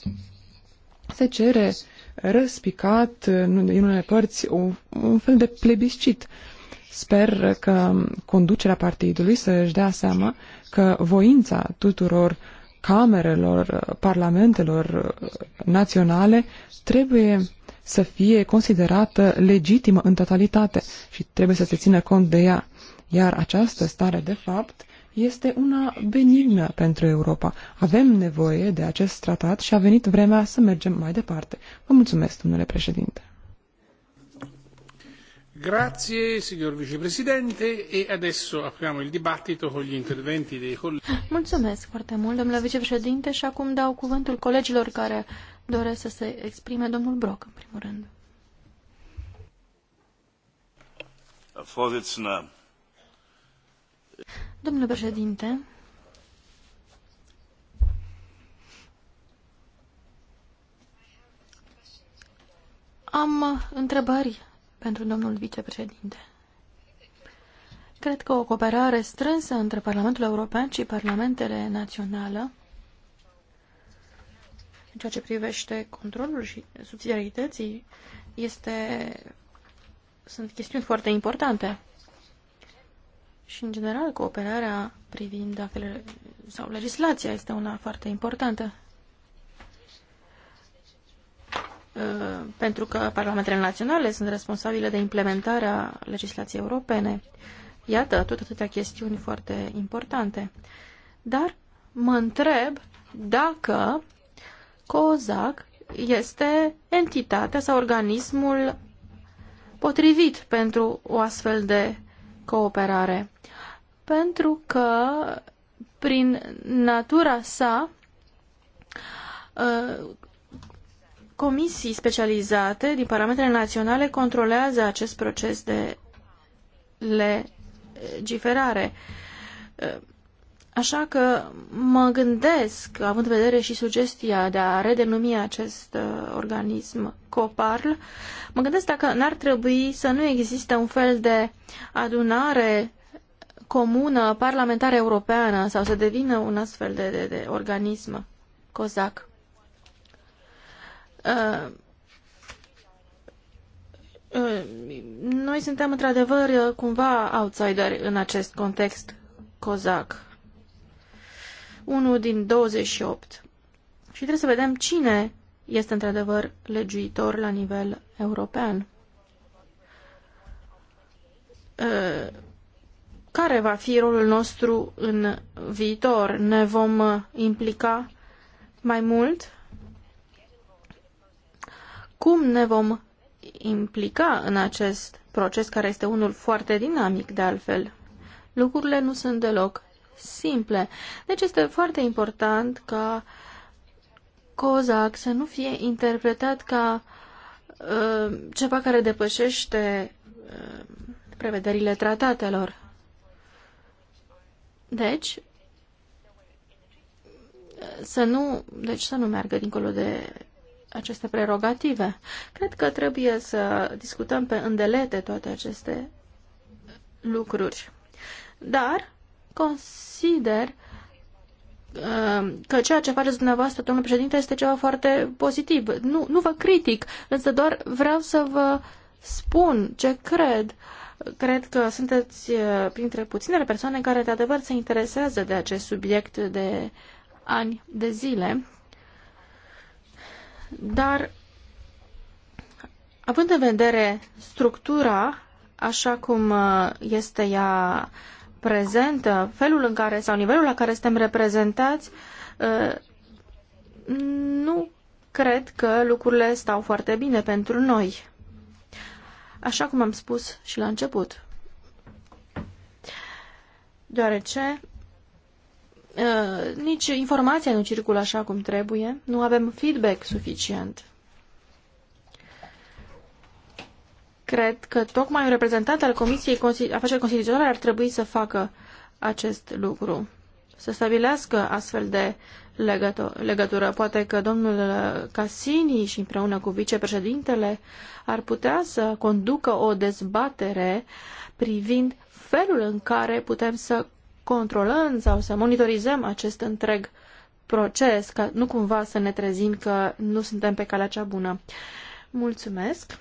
se cere răspicat în unele părți un, fel de plebiscit. Sper că conducerea partidului să-și dea seama că voința tuturor camerelor, parlamentelor naționale trebuie să fie considerată legitimă în totalitate și trebuie să se țină cont de ea. Iar această stare, de fapt, este una benignă pentru Europa. Avem nevoie de acest tratat și a venit vremea să mergem mai departe. Vă mulțumesc, domnule președinte. Grazie, signor vicepresidente, e adesso apriamo il dibattito con gli interventi dei colleghi. Mulțumesc foarte mult, domnule vicepreședinte, și acum dau cuvântul colegilor care doresc să se exprime domnul Broc, în primul rând. Domnule președinte, am întrebări pentru domnul vicepreședinte. Cred că o cooperare strânsă între Parlamentul European și Parlamentele Naționale în ceea ce privește controlul și subsidiarității este, sunt chestiuni foarte importante. Și, în general, cooperarea privind actele sau legislația este una foarte importantă. Uh, pentru că parlamentele naționale sunt responsabile de implementarea legislației europene. Iată, tot atâtea chestiuni foarte importante. Dar mă întreb dacă COSAC este entitatea sau organismul potrivit pentru o astfel de cooperare. Pentru că, prin natura sa, ă, comisii specializate din parametrele naționale controlează acest proces de legiferare. Ă, Așa că mă gândesc, având în vedere și sugestia de a redenumi acest uh, organism COPARL, mă gândesc dacă n-ar trebui să nu existe un fel de adunare comună parlamentară europeană sau să devină un astfel de, de, de organism COSAC. Uh, uh, noi suntem într-adevăr uh, cumva outsider în acest context COSAC 1 din 28. Și trebuie să vedem cine este într-adevăr legiuitor la nivel european. Ă, care va fi rolul nostru în viitor? Ne vom ă, implica mai mult? Cum ne vom implica în acest proces care este unul foarte dinamic de altfel? Lucrurile nu sunt deloc simple. Deci este foarte important ca COZAC să nu fie interpretat ca uh, ceva care depășește uh, prevederile tratatelor. Deci, să nu, deci să nu meargă dincolo de aceste prerogative. Cred că trebuie să discutăm pe îndelete toate aceste lucruri. Dar consider uh, că ceea ce faceți dumneavoastră, domnule președinte, este ceva foarte pozitiv. Nu, nu vă critic, însă doar vreau să vă spun ce cred. Cred că sunteți uh, printre puținele persoane care de adevăr se interesează de acest subiect de ani de zile. Dar, având în vedere structura, așa cum uh, este ea prezentă, felul în care sau nivelul la care suntem reprezentați, uh, nu cred că lucrurile stau foarte bine pentru noi. Așa cum am spus și la început. Deoarece uh, nici informația nu circulă așa cum trebuie, nu avem feedback suficient. cred că tocmai un reprezentant al Comisiei Afaceri Constituționale ar trebui să facă acest lucru, să stabilească astfel de legătură. Poate că domnul uh, Casini și împreună cu vicepreședintele ar putea să conducă o dezbatere privind felul în care putem să controlăm sau să monitorizăm acest întreg proces, ca nu cumva să ne trezim că nu suntem pe calea cea bună. Mulțumesc!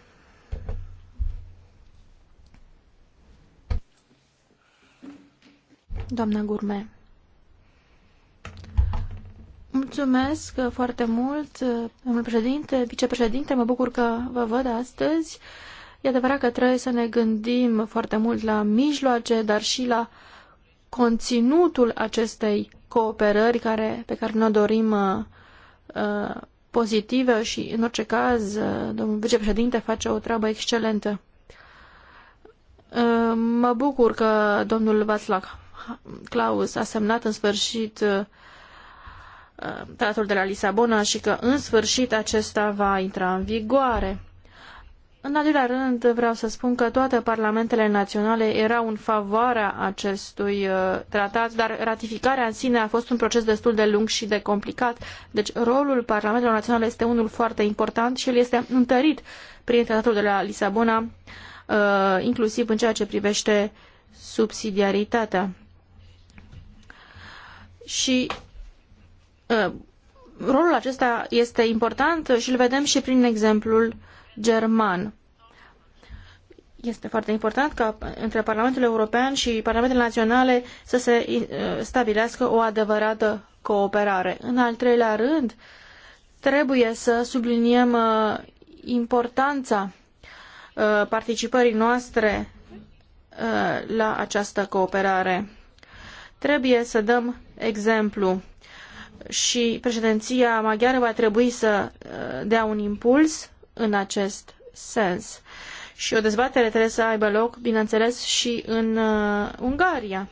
doamna Gurme. Mulțumesc foarte mult, domnul președinte, vicepreședinte, mă bucur că vă văd astăzi. E adevărat că trebuie să ne gândim foarte mult la mijloace, dar și la conținutul acestei cooperări care, pe care ne-o dorim uh, uh pozitivă și, în orice caz, uh, domnul vicepreședinte face o treabă excelentă. Uh, mă bucur că domnul Vaslac Claus a semnat în sfârșit uh, tratatul de la Lisabona și că în sfârșit acesta va intra în vigoare. În al doilea rând, vreau să spun că toate parlamentele naționale erau în favoarea acestui uh, tratat, dar ratificarea în sine a fost un proces destul de lung și de complicat. Deci rolul parlamentelor naționale este unul foarte important și el este întărit prin tratatul de la Lisabona, uh, inclusiv în ceea ce privește subsidiaritatea și uh, rolul acesta este important și îl vedem și prin exemplul german. Este foarte important ca între Parlamentul European și Parlamentele Naționale să se uh, stabilească o adevărată cooperare. În al treilea rând, trebuie să subliniem uh, importanța uh, participării noastre la această cooperare. Trebuie să dăm exemplu și președinția maghiară va trebui să uh, dea un impuls în acest sens. Și o dezbatere trebuie să aibă loc, bineînțeles, și în uh, Ungaria.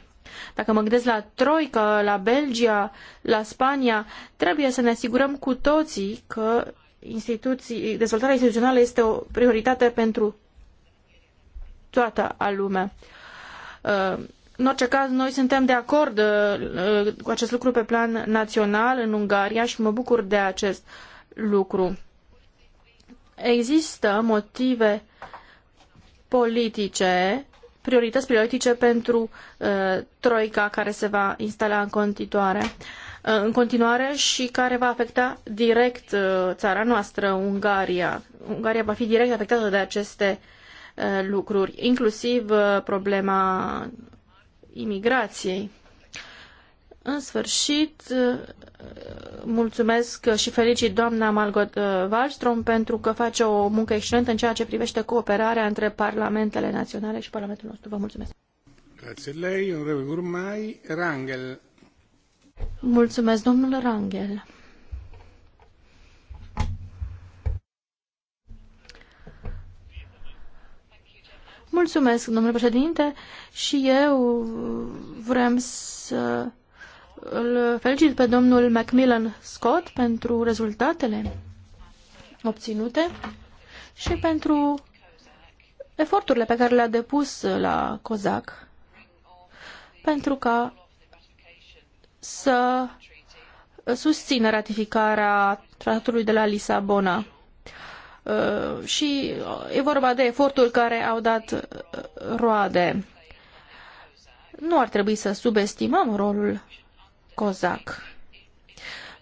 Dacă mă gândesc la Troică, la Belgia, la Spania, trebuie să ne asigurăm cu toții că instituții, dezvoltarea instituțională este o prioritate pentru toată lumea. Uh, în orice caz, noi suntem de acord uh, uh, cu acest lucru pe plan național în Ungaria și mă bucur de acest lucru. Există motive politice, priorități politice pentru uh, troica care se va instala în continuare, uh, în continuare și care va afecta direct uh, țara noastră, Ungaria. Ungaria va fi direct afectată de aceste uh, lucruri, inclusiv problema imigrației. În sfârșit, mulțumesc și felicit doamna Margot uh, Wallström pentru că face o muncă excelentă în ceea ce privește cooperarea între parlamentele naționale și Parlamentul nostru. Vă mulțumesc. Mulțumesc, domnul Rangel. Mulțumesc, domnule președinte, și eu vrem să îl felicit pe domnul Macmillan Scott pentru rezultatele obținute și pentru eforturile pe care le-a depus la COZAC pentru ca să susțină ratificarea tratatului de la Lisabona. Uh, și uh, e vorba de eforturi care au dat uh, roade. Nu ar trebui să subestimăm rolul COSAC.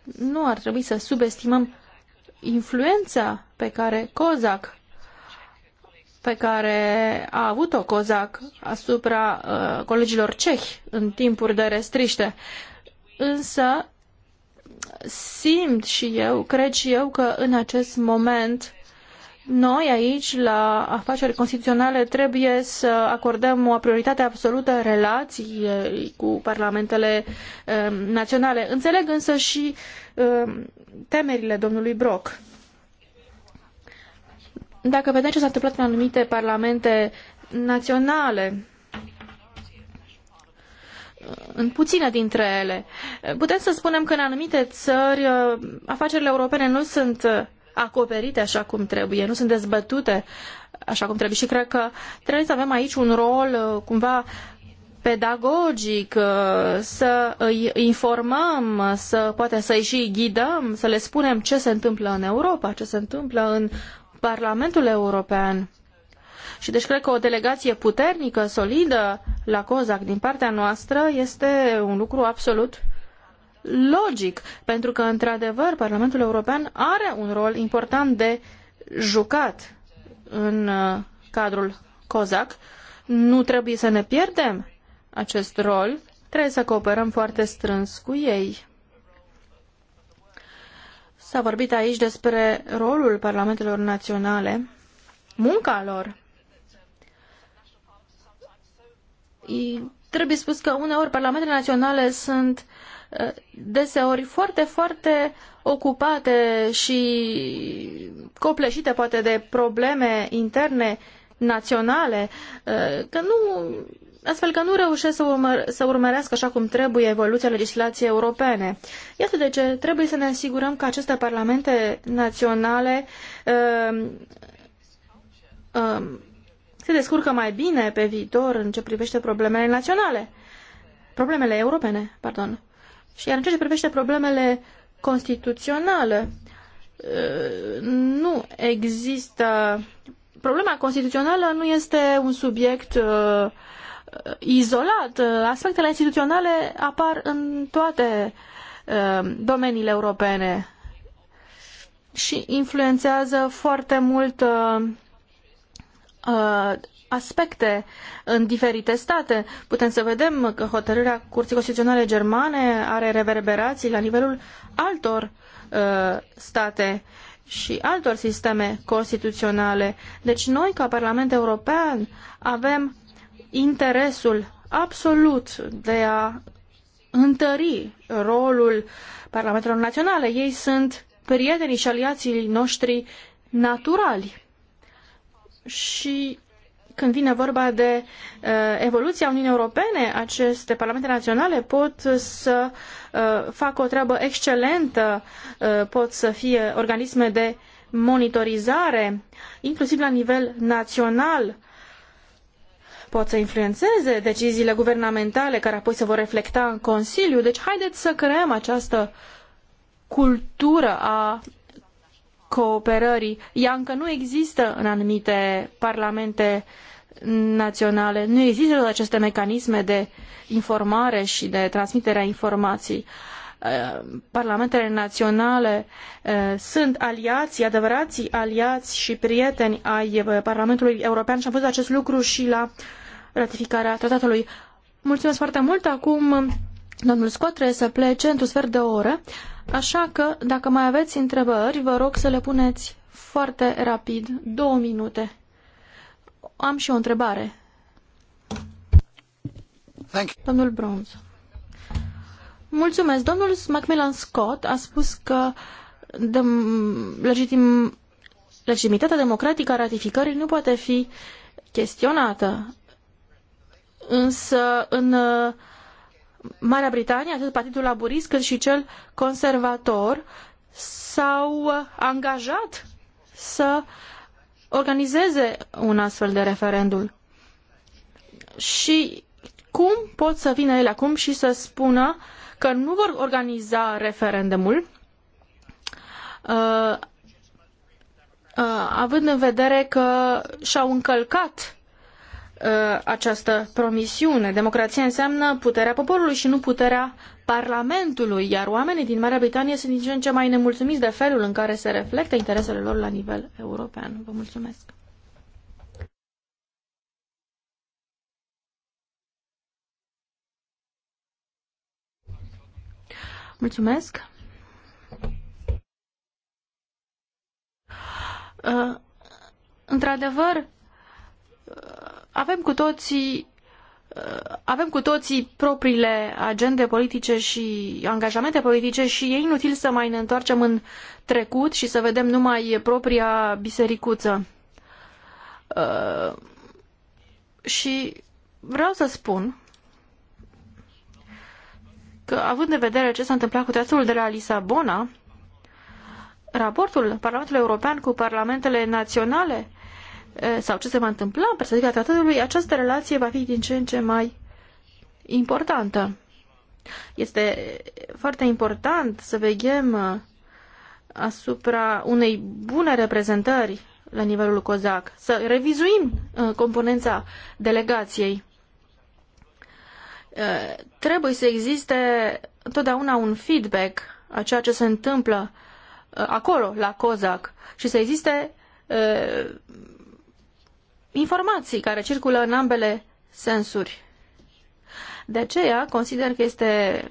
Nu ar trebui să subestimăm influența pe care COSAC pe care a avut-o COSAC asupra uh, colegilor cehi în timpuri de restriște. Însă simt și eu, cred și eu că în acest moment noi aici, la afaceri constituționale, trebuie să acordăm o prioritate absolută relației cu parlamentele um, naționale. Înțeleg însă și um, temerile domnului Brok. Dacă vedem ce s-a întâmplat în anumite parlamente naționale, în puține dintre ele, putem să spunem că în anumite țări uh, afacerile europene nu sunt uh, acoperite așa cum trebuie, nu sunt dezbătute așa cum trebuie. Și cred că trebuie să avem aici un rol uh, cumva pedagogic, uh, să îi informăm, să poate să-i și ghidăm, să le spunem ce se întâmplă în Europa, ce se întâmplă în Parlamentul European. Și deci cred că o delegație puternică, solidă la COSAC din partea noastră este un lucru absolut logic, pentru că, într-adevăr, Parlamentul European are un rol important de jucat în uh, cadrul COSAC. Nu trebuie să ne pierdem acest rol, trebuie să cooperăm foarte strâns cu ei. S-a vorbit aici despre rolul parlamentelor naționale, munca lor. Trebuie spus că uneori parlamentele naționale sunt deseori foarte, foarte ocupate și copleșite poate de probleme interne naționale, uh, că nu, astfel că nu reușesc să, urmă, să urmărească așa cum trebuie evoluția legislației europene. Iată de ce trebuie să ne asigurăm că aceste parlamente naționale uh, uh, se descurcă mai bine pe viitor în ce privește problemele naționale. Problemele europene, pardon. Și iar în ceea ce privește problemele constituționale, nu există. Problema constituțională nu este un subiect uh, izolat. Aspectele instituționale apar în toate uh, domeniile europene și influențează foarte mult uh, Uh, aspecte în diferite state. Putem să vedem că hotărârea Curții Constituționale Germane are reverberații la nivelul altor uh, state și altor sisteme constituționale. Deci noi, ca Parlament European, avem interesul absolut de a întări rolul Parlamentelor Naționale. Ei sunt prietenii și aliații noștri naturali și când vine vorba de uh, evoluția Uniunii Europene, aceste parlamente naționale pot să uh, facă o treabă excelentă, uh, pot să fie organisme de monitorizare, inclusiv la nivel național, pot să influențeze deciziile guvernamentale care apoi se vor reflecta în Consiliu. Deci haideți să creăm această cultură a cooperării. Ea încă nu există în anumite parlamente naționale. Nu există toate aceste mecanisme de informare și de transmitere a informației. Uh, parlamentele naționale uh, sunt aliații, adevărații aliați și prieteni ai uh, Parlamentului European și am văzut acest lucru și la ratificarea tratatului. Mulțumesc foarte mult. Acum domnul trebuie să plece într-un sfert de oră. Așa că, dacă mai aveți întrebări, vă rog să le puneți foarte rapid, două minute. Am și o întrebare. Thank. Domnul Bronz. Mulțumesc. Domnul Macmillan Scott a spus că de legitim, legitimitatea democratică a ratificării nu poate fi chestionată. Însă, în uh, Marea Britanie, atât Partidul Laburist cât și cel conservator, s-au uh, angajat să organizeze un astfel de referendum. Și cum pot să vină ele acum și să spună că nu vor organiza referendumul, uh, uh, având în vedere că și-au încălcat Uh, această promisiune. Democrația înseamnă puterea poporului și nu puterea Parlamentului, iar oamenii din Marea Britanie sunt din ce în ce mai nemulțumiți de felul în care se reflectă interesele lor la nivel european. Vă mulțumesc! Mulțumesc! Uh, într-adevăr, avem cu toții uh, avem cu toții propriile agende politice și angajamente politice și e inutil să mai ne întoarcem în trecut și să vedem numai propria bisericuță. Uh, și vreau să spun că, având în vedere ce s-a întâmplat cu tratatul de la Lisabona, raportul Parlamentului European cu parlamentele naționale sau ce se va întâmpla în perspectiva tratatului, această relație va fi din ce în ce mai importantă. Este foarte important să veghem asupra unei bune reprezentări la nivelul COZAC, să revizuim componența delegației. Trebuie să existe întotdeauna un feedback a ceea ce se întâmplă acolo, la COZAC, și să existe informații care circulă în ambele sensuri. De aceea consider că este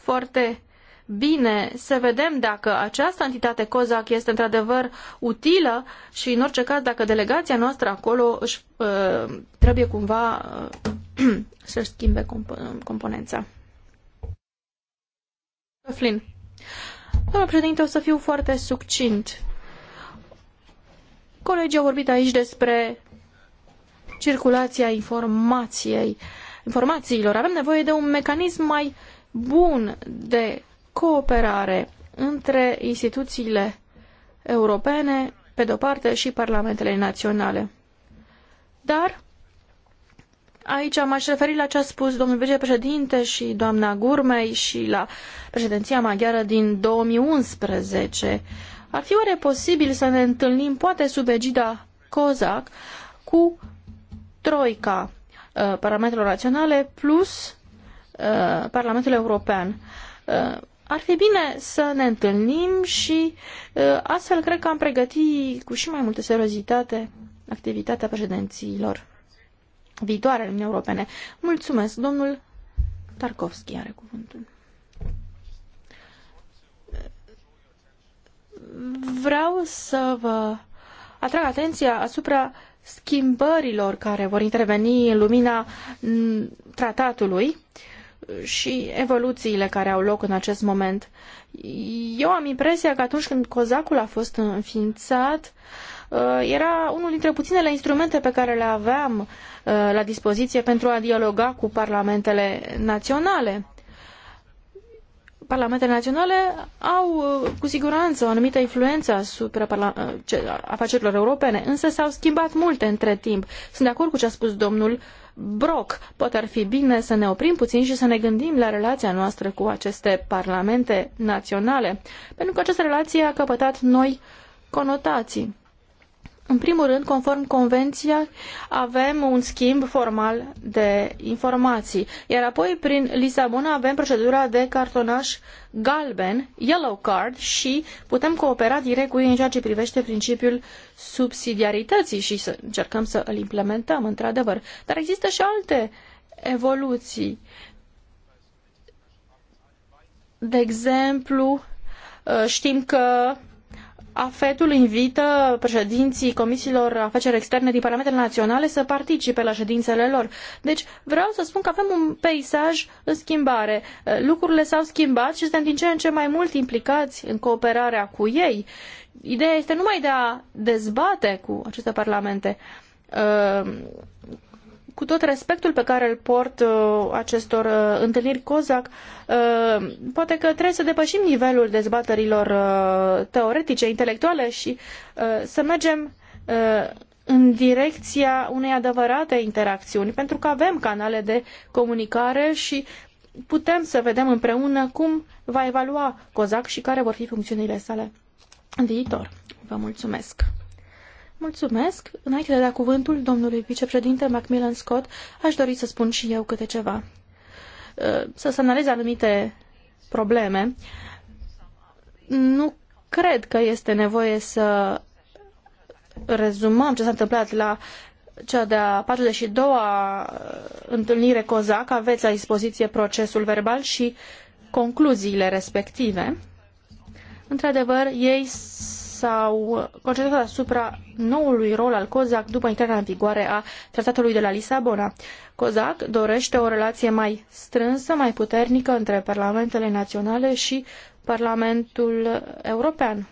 foarte bine să vedem dacă această entitate COZAC este într-adevăr utilă și în orice caz dacă delegația noastră acolo își, uh, trebuie cumva uh, să-și schimbe comp- componența. Flynn. Domnul președinte, o să fiu foarte succint. Colegii au vorbit aici despre circulația informației, informațiilor. Avem nevoie de un mecanism mai bun de cooperare între instituțiile europene, pe de-o parte, și parlamentele naționale. Dar aici m-aș referi la ce a spus domnul vicepreședinte și doamna Gurmei și la președinția maghiară din 2011 ar fi oare posibil să ne întâlnim, poate sub egida COSAC, cu Troica uh, parametrilor Naționale plus uh, Parlamentul European? Uh, ar fi bine să ne întâlnim și uh, astfel cred că am pregătit cu și mai multă seriozitate activitatea președinților viitoare în Uniunii Europene. Mulțumesc, domnul Tarkovski are cuvântul. vreau să vă atrag atenția asupra schimbărilor care vor interveni în lumina mm, tratatului și evoluțiile care au loc în acest moment. Eu am impresia că atunci când Cozacul a fost înființat, uh, era unul dintre puținele instrumente pe care le aveam uh, la dispoziție pentru a dialoga cu parlamentele naționale. Parlamentele naționale au uh, cu siguranță o anumită influență asupra uh, afacerilor europene, însă s-au schimbat multe între timp. Sunt de acord cu ce a spus domnul Brock. Poate ar fi bine să ne oprim puțin și să ne gândim la relația noastră cu aceste parlamente naționale, pentru că această relație a căpătat noi conotații. În primul rând, conform convenția, avem un schimb formal de informații, iar apoi prin Lisabona avem procedura de cartonaș galben, yellow card, și putem coopera direct cu ei în ceea ce privește principiul subsidiarității și să încercăm să îl implementăm, într-adevăr. Dar există și alte evoluții. De exemplu, știm că AFET-ul invită președinții comisiilor afaceri externe din Parlamentele Naționale să participe la ședințele lor. Deci vreau să spun că avem un peisaj în schimbare. Lucrurile s-au schimbat și suntem din ce în ce mai mult implicați în cooperarea cu ei. Ideea este numai de a dezbate cu aceste parlamente ă, cu tot respectul pe care îl port uh, acestor uh, întâlniri COZAC, uh, poate că trebuie să depășim nivelul dezbaterilor uh, teoretice, intelectuale și uh, să mergem uh, în direcția unei adevărate interacțiuni, pentru că avem canale de comunicare și putem să vedem împreună cum va evalua COZAC și care vor fi funcțiunile sale în viitor. Vă mulțumesc! Mulțumesc! Înainte de a da cuvântul domnului vicepreședinte Macmillan Scott, aș dori să spun și eu câte ceva. Uh, să semnalez anumite probleme. Nu cred că este nevoie să rezumăm ce s-a întâmplat la cea de-a 42-a uh, întâlnire COZAC. Aveți la dispoziție procesul verbal și concluziile respective. Într-adevăr, ei s-au concentrat asupra noului rol al COSAC după intrarea în vigoare a Tratatului de la Lisabona. COSAC dorește o relație mai strânsă, mai puternică între parlamentele naționale și Parlamentul European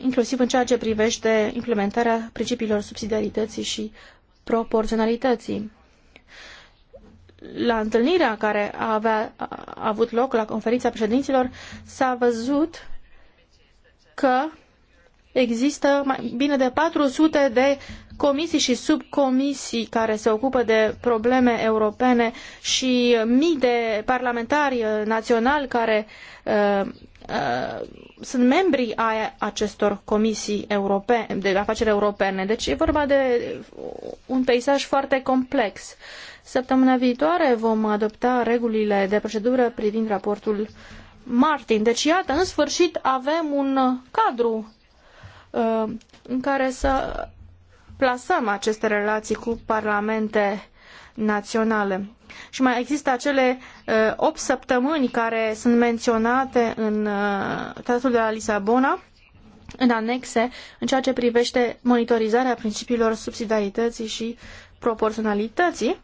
inclusiv în ceea ce privește implementarea principiilor subsidiarității și proporționalității. La întâlnirea care a, avea, a avut loc la conferința președinților s-a văzut că există mai bine de 400 de comisii și subcomisii care se ocupă de probleme europene și mii de parlamentari naționali care uh, uh, sunt membri ai acestor comisii europene, de afaceri europene. Deci e vorba de un peisaj foarte complex. Săptămâna viitoare vom adopta regulile de procedură privind raportul uh, Martin. Deci, iată, în sfârșit avem un uh, cadru uh, în care să plasăm aceste relații cu parlamente naționale. Și mai există acele uh, opt săptămâni care sunt menționate în Tratatul de la Lisabona, în anexe, în ceea ce privește monitorizarea principiilor subsidiarității și proporționalității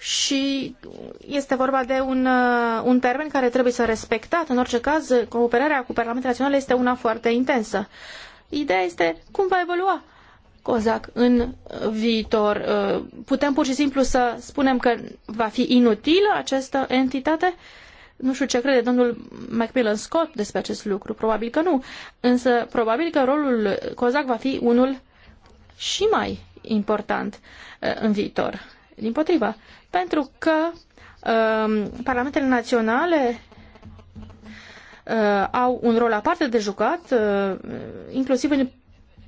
și este vorba de un, uh, un termen care trebuie să respectat. În orice caz, cooperarea cu Parlamentele Național este una foarte intensă. Ideea este cum va evolua COSAC în uh, viitor. Uh, putem pur și simplu să spunem că va fi inutilă această entitate? Nu știu ce crede domnul Macmillan Scott despre acest lucru, probabil că nu, însă probabil că rolul COSAC va fi unul și mai important în viitor. Din potriva, pentru că um, parlamentele naționale uh, au un rol aparte de jucat, uh, inclusiv în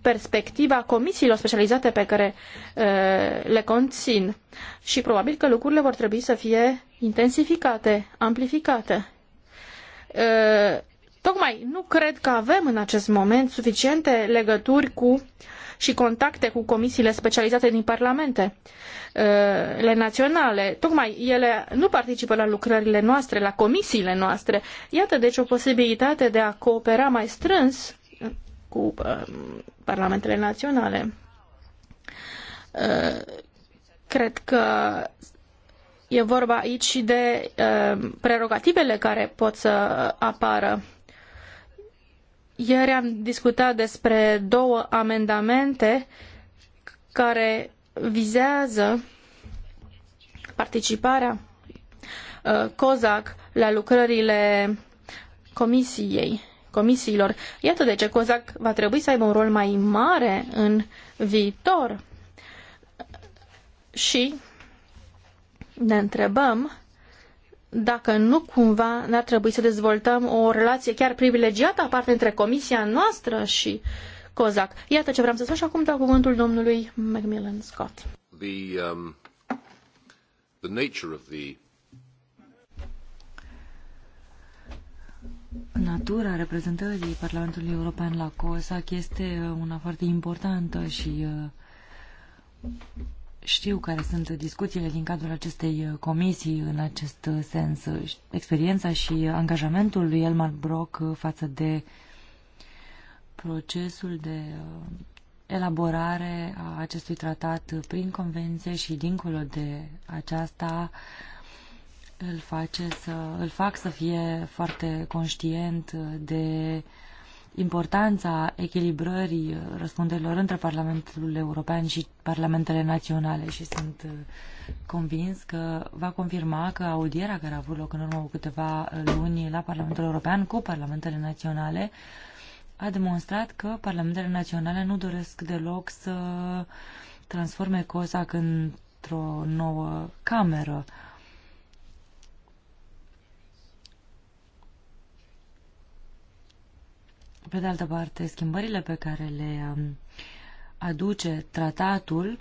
perspectiva comisiilor specializate pe care uh, le conțin. Și probabil că lucrurile vor trebui să fie intensificate, amplificate. Uh, tocmai nu cred că avem în acest moment suficiente legături cu și contacte cu comisiile specializate din parlamente uh, le naționale. Tocmai ele nu participă la lucrările noastre, la comisiile noastre. Iată deci o posibilitate de a coopera mai strâns cu uh, parlamentele naționale. Uh, cred că e vorba aici de prerogativele care pot să apară ieri am discutat despre două amendamente care vizează participarea uh, cosac la lucrările comisiei, comisiilor. Iată de ce COSAC va trebui să aibă un rol mai mare în viitor. Și ne întrebăm dacă nu cumva n-ar trebui să dezvoltăm o relație chiar privilegiată aparte între comisia noastră și COSAC. Iată ce vreau să spun și acum dau cuvântul domnului Macmillan Scott. The, um, the nature of the... Natura reprezentării Parlamentului European la COSAC este una foarte importantă și uh, știu care sunt discuțiile din cadrul acestei uh, comisii în acest uh, sens. Experiența și angajamentul lui Elmar Brock uh, față de procesul de elaborare a acestui tratat prin convenție și dincolo de aceasta îl face să îl fac să fie foarte conștient de importanța echilibrării uh, răspunderilor între Parlamentul European și Parlamentele Naționale și sunt uh, convins că va confirma că audierea care a avut loc în urmă cu câteva uh, luni la Parlamentul European cu Parlamentele Naționale a demonstrat că Parlamentele Naționale nu doresc deloc să transforme COSAC într-o nouă cameră. Pe de altă parte, schimbările pe care le um, aduce tratatul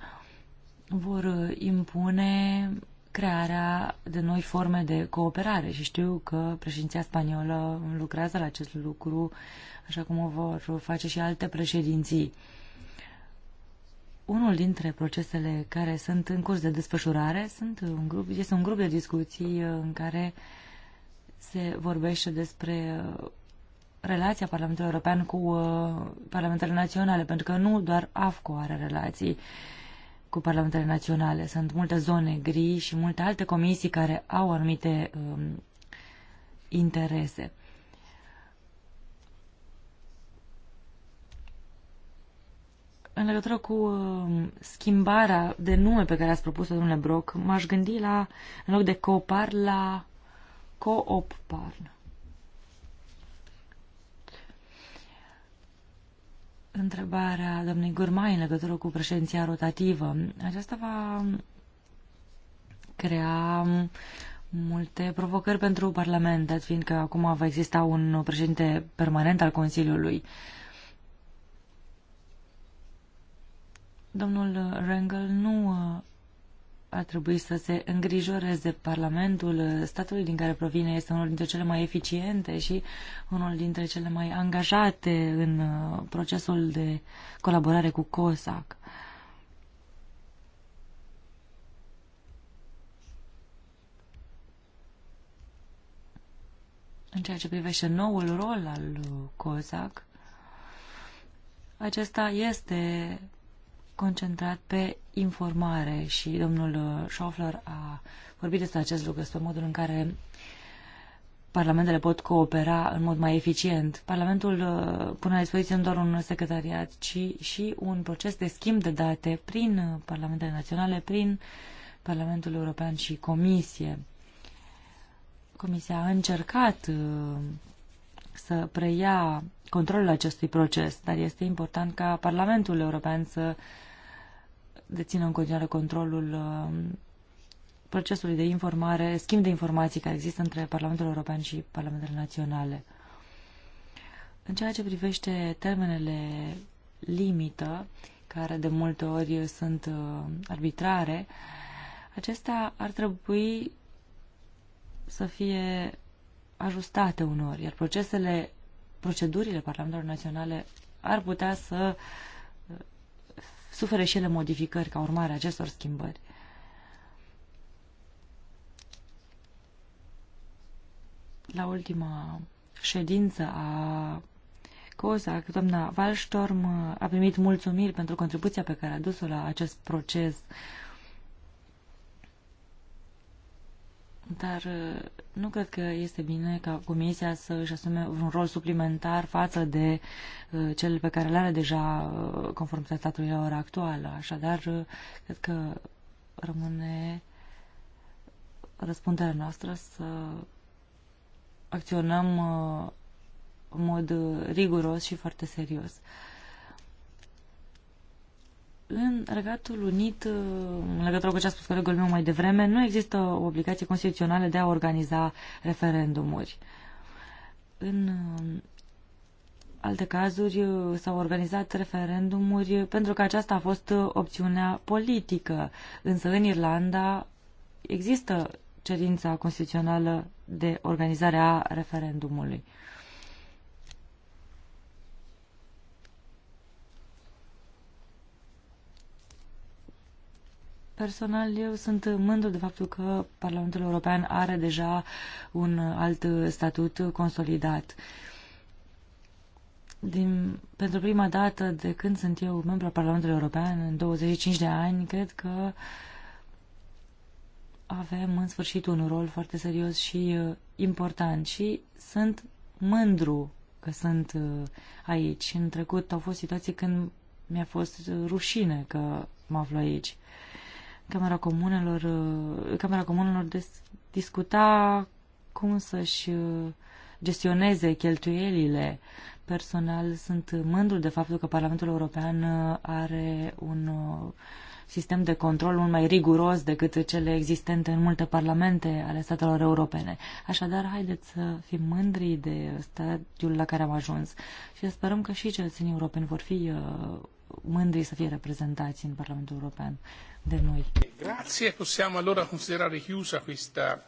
vor uh, impune crearea de noi forme de cooperare și știu că președinția spaniolă lucrează la acest lucru, așa cum o vor face și alte președinții. Unul dintre procesele care sunt în curs de desfășurare sunt un grup, este un grup de discuții uh, în care se vorbește despre uh, relația Parlamentului European cu uh, Parlamentele Naționale, pentru că nu doar AFCO are relații cu Parlamentele Naționale. Sunt multe zone gri și multe alte comisii care au anumite um, interese. În legătură cu uh, schimbarea de nume pe care ați propus-o, domnule Broc, m-aș gândi la, în loc de Copar, la Coopparn. întrebarea domnului Gurmai în legătură cu președinția rotativă. Aceasta va crea multe provocări pentru Parlament, dat fiindcă acum va exista un președinte permanent al Consiliului. Domnul Rangel nu ar trebui să se îngrijoreze. Parlamentul statului din care provine este unul dintre cele mai eficiente și unul dintre cele mai angajate în uh, procesul de colaborare cu COSAC. În ceea ce privește noul rol al uh, COSAC, acesta este concentrat pe informare și domnul Schoffler a vorbit despre acest lucru, despre modul în care parlamentele pot coopera în mod mai eficient. Parlamentul uh, pune la dispoziție nu doar un secretariat, ci și un proces de schimb de date prin parlamentele naționale, prin Parlamentul European și Comisie. Comisia a încercat uh, să preia controlul acestui proces, dar este important ca Parlamentul European să uh, dețină în continuare controlul uh, procesului de informare, schimb de informații care există între Parlamentul European și Parlamentele Naționale. În ceea ce privește termenele limită, care de multe ori sunt uh, arbitrare, acestea ar trebui să fie ajustate unor. iar procesele, procedurile Parlamentelor Naționale ar putea să uh, suferă și ele modificări ca urmare a acestor schimbări. La ultima ședință a COSA, doamna Wallstorm a primit mulțumiri pentru contribuția pe care a dus-o la acest proces uh, Dar uh, nu cred că este bine ca Comisia să își asume un rol suplimentar față de uh, cel pe care îl are deja uh, conform tratatului la ora actuală. Așadar, cred că rămâne răspunderea noastră să acționăm în mod riguros și foarte serios. În Regatul Unit, uh, în legătură cu ce a spus colegul meu mai devreme, nu există o obligație constituțională de a organiza referendumuri. În uh, alte cazuri uh, s-au organizat referendumuri pentru că aceasta a fost opțiunea politică. Însă în Irlanda există cerința constituțională de organizare a referendumului. Personal, eu sunt mândru de faptul că Parlamentul European are deja un alt statut consolidat. Din, pentru prima dată de când sunt eu membru al Parlamentului European, în 25 de ani, cred că avem în sfârșit un rol foarte serios și uh, important și sunt mândru că sunt uh, aici. În trecut au fost situații când mi-a fost uh, rușine că mă aflu aici. Uh, Camera Comunelor, uh, Camera Comunelor discuta cum să-și uh, gestioneze cheltuielile. Personal sunt mândru de faptul că Parlamentul European uh, are un sistem de control mult mai riguros decât cele existente în multe parlamente ale statelor europene. Așadar, haideți să fim mândri de stadiul la care am ajuns și sperăm că și cetățenii europeni vor fi mândri să fie reprezentați în Parlamentul European de noi. Grazie, possiamo allora considerare chiusa questa...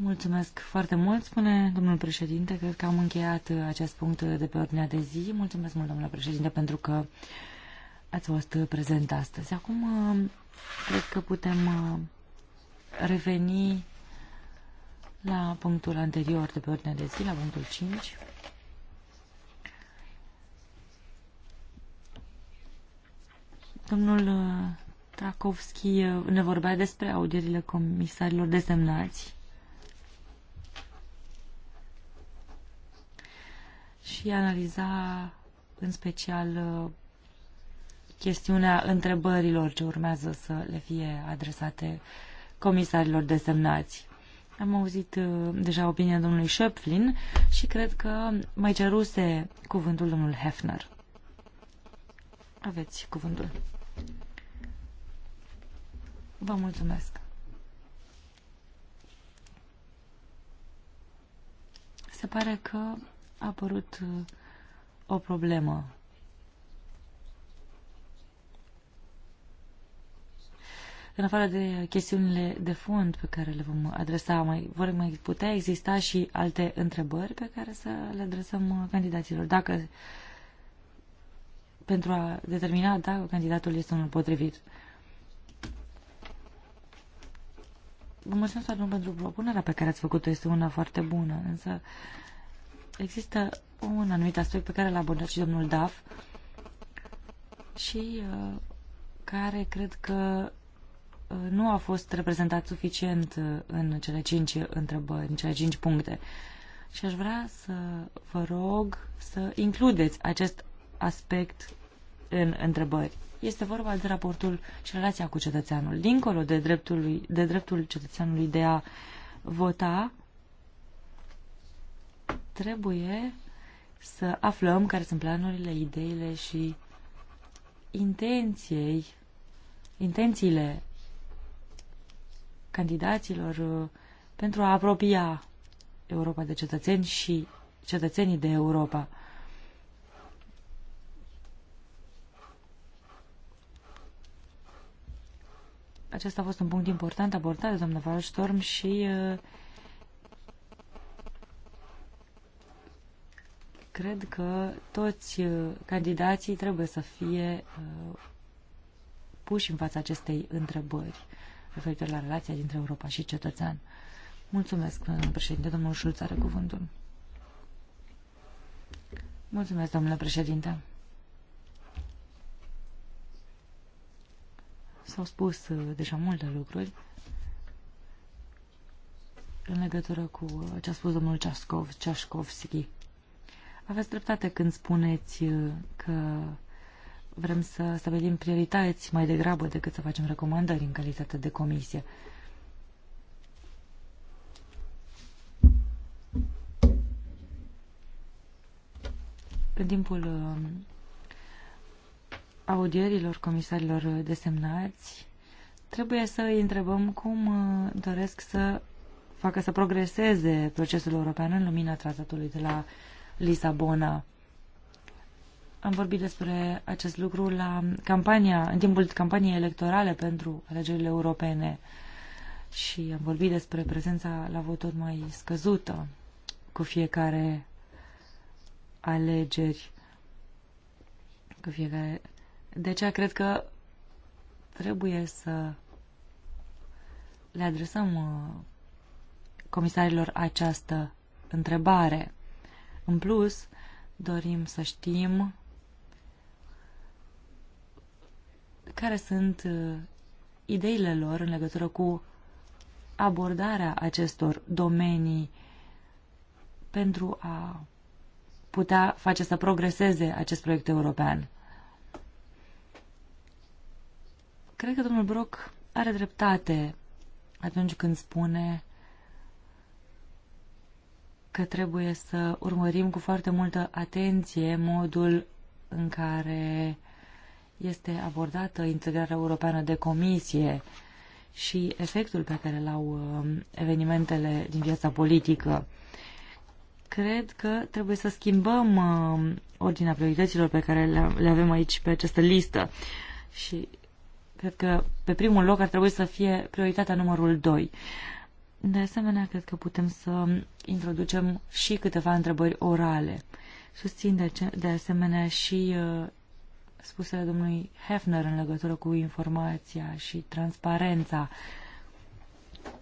Mulțumesc foarte mult, spune domnul președinte. Cred că am încheiat acest punct de pe ordinea de zi. Mulțumesc mult, domnule președinte, pentru că ați fost prezent astăzi. Acum uh, cred că putem uh, reveni la punctul anterior de pe ordinea de zi, la punctul 5. Domnul uh, Trakovski uh, ne vorbea despre audierile comisarilor desemnați și analiza în special uh, chestiunea întrebărilor ce urmează să le fie adresate comisarilor desemnați. Am auzit deja opinia domnului Schöpflin și cred că mai ceruse cuvântul domnul Hefner. Aveți cuvântul. Vă mulțumesc. Se pare că a apărut uh, o problemă. În afară de chestiunile de fond pe care le vom adresa, mai, vor mai putea exista și alte întrebări pe care să le adresăm uh, candidaților. Dacă pentru a determina dacă candidatul este unul potrivit. Vă mulțumesc foarte mult pentru propunerea pe care ați făcut-o, este una foarte bună, însă există un anumit aspect pe care l-a abordat și domnul Daf și uh, care cred că uh, nu a fost reprezentat suficient uh, în cele cinci întrebări, în cele cinci puncte. Și aș vrea să vă rog să includeți acest aspect în întrebări este vorba de raportul și relația cu cetățeanul. Dincolo de dreptul, de dreptul cetățeanului de a vota, trebuie să aflăm care sunt planurile, ideile și intenției, intențiile candidaților uh, pentru a apropia Europa de cetățeni și cetățenii de Europa. Acesta a fost un punct important abordat de doamna Wallstorm și uh, cred că toți uh, candidații trebuie să fie uh, puși în fața acestei întrebări referitor la relația dintre Europa și cetățean. Mulțumesc, domnule președinte. Domnul Șulț are cuvântul. Mulțumesc, domnule președinte. S-au spus uh, deja multe lucruri în legătură cu uh, ce a spus domnul Ceascov, Ceașcovski. Aveți dreptate când spuneți uh, că vrem să stabilim priorități mai degrabă decât să facem recomandări în calitate de comisie. În timpul audierilor comisarilor desemnați, trebuie să îi întrebăm cum uh, doresc să facă să progreseze procesul european în lumina tratatului de la Lisabona. Am vorbit despre acest lucru la campania, în timpul campaniei electorale pentru alegerile europene și am vorbit despre prezența la vot tot mai scăzută cu fiecare alegeri, cu fiecare de aceea cred că trebuie să le adresăm uh, comisarilor această întrebare. În plus, dorim să știm care sunt uh, ideile lor în legătură cu abordarea acestor domenii pentru a putea face să progreseze acest proiect european. Cred că domnul Brock are dreptate atunci când spune că trebuie să urmărim cu foarte multă atenție modul în care este abordată integrarea europeană de comisie și efectul pe care l-au um, evenimentele din viața politică. Cred că trebuie să schimbăm um, ordinea priorităților pe care le avem aici pe această listă și Cred că pe primul loc ar trebui să fie prioritatea numărul 2. De asemenea, cred că putem să introducem și câteva întrebări orale. Susțin de, ce, de asemenea și uh, spusele domnului Hefner în legătură cu informația și transparența.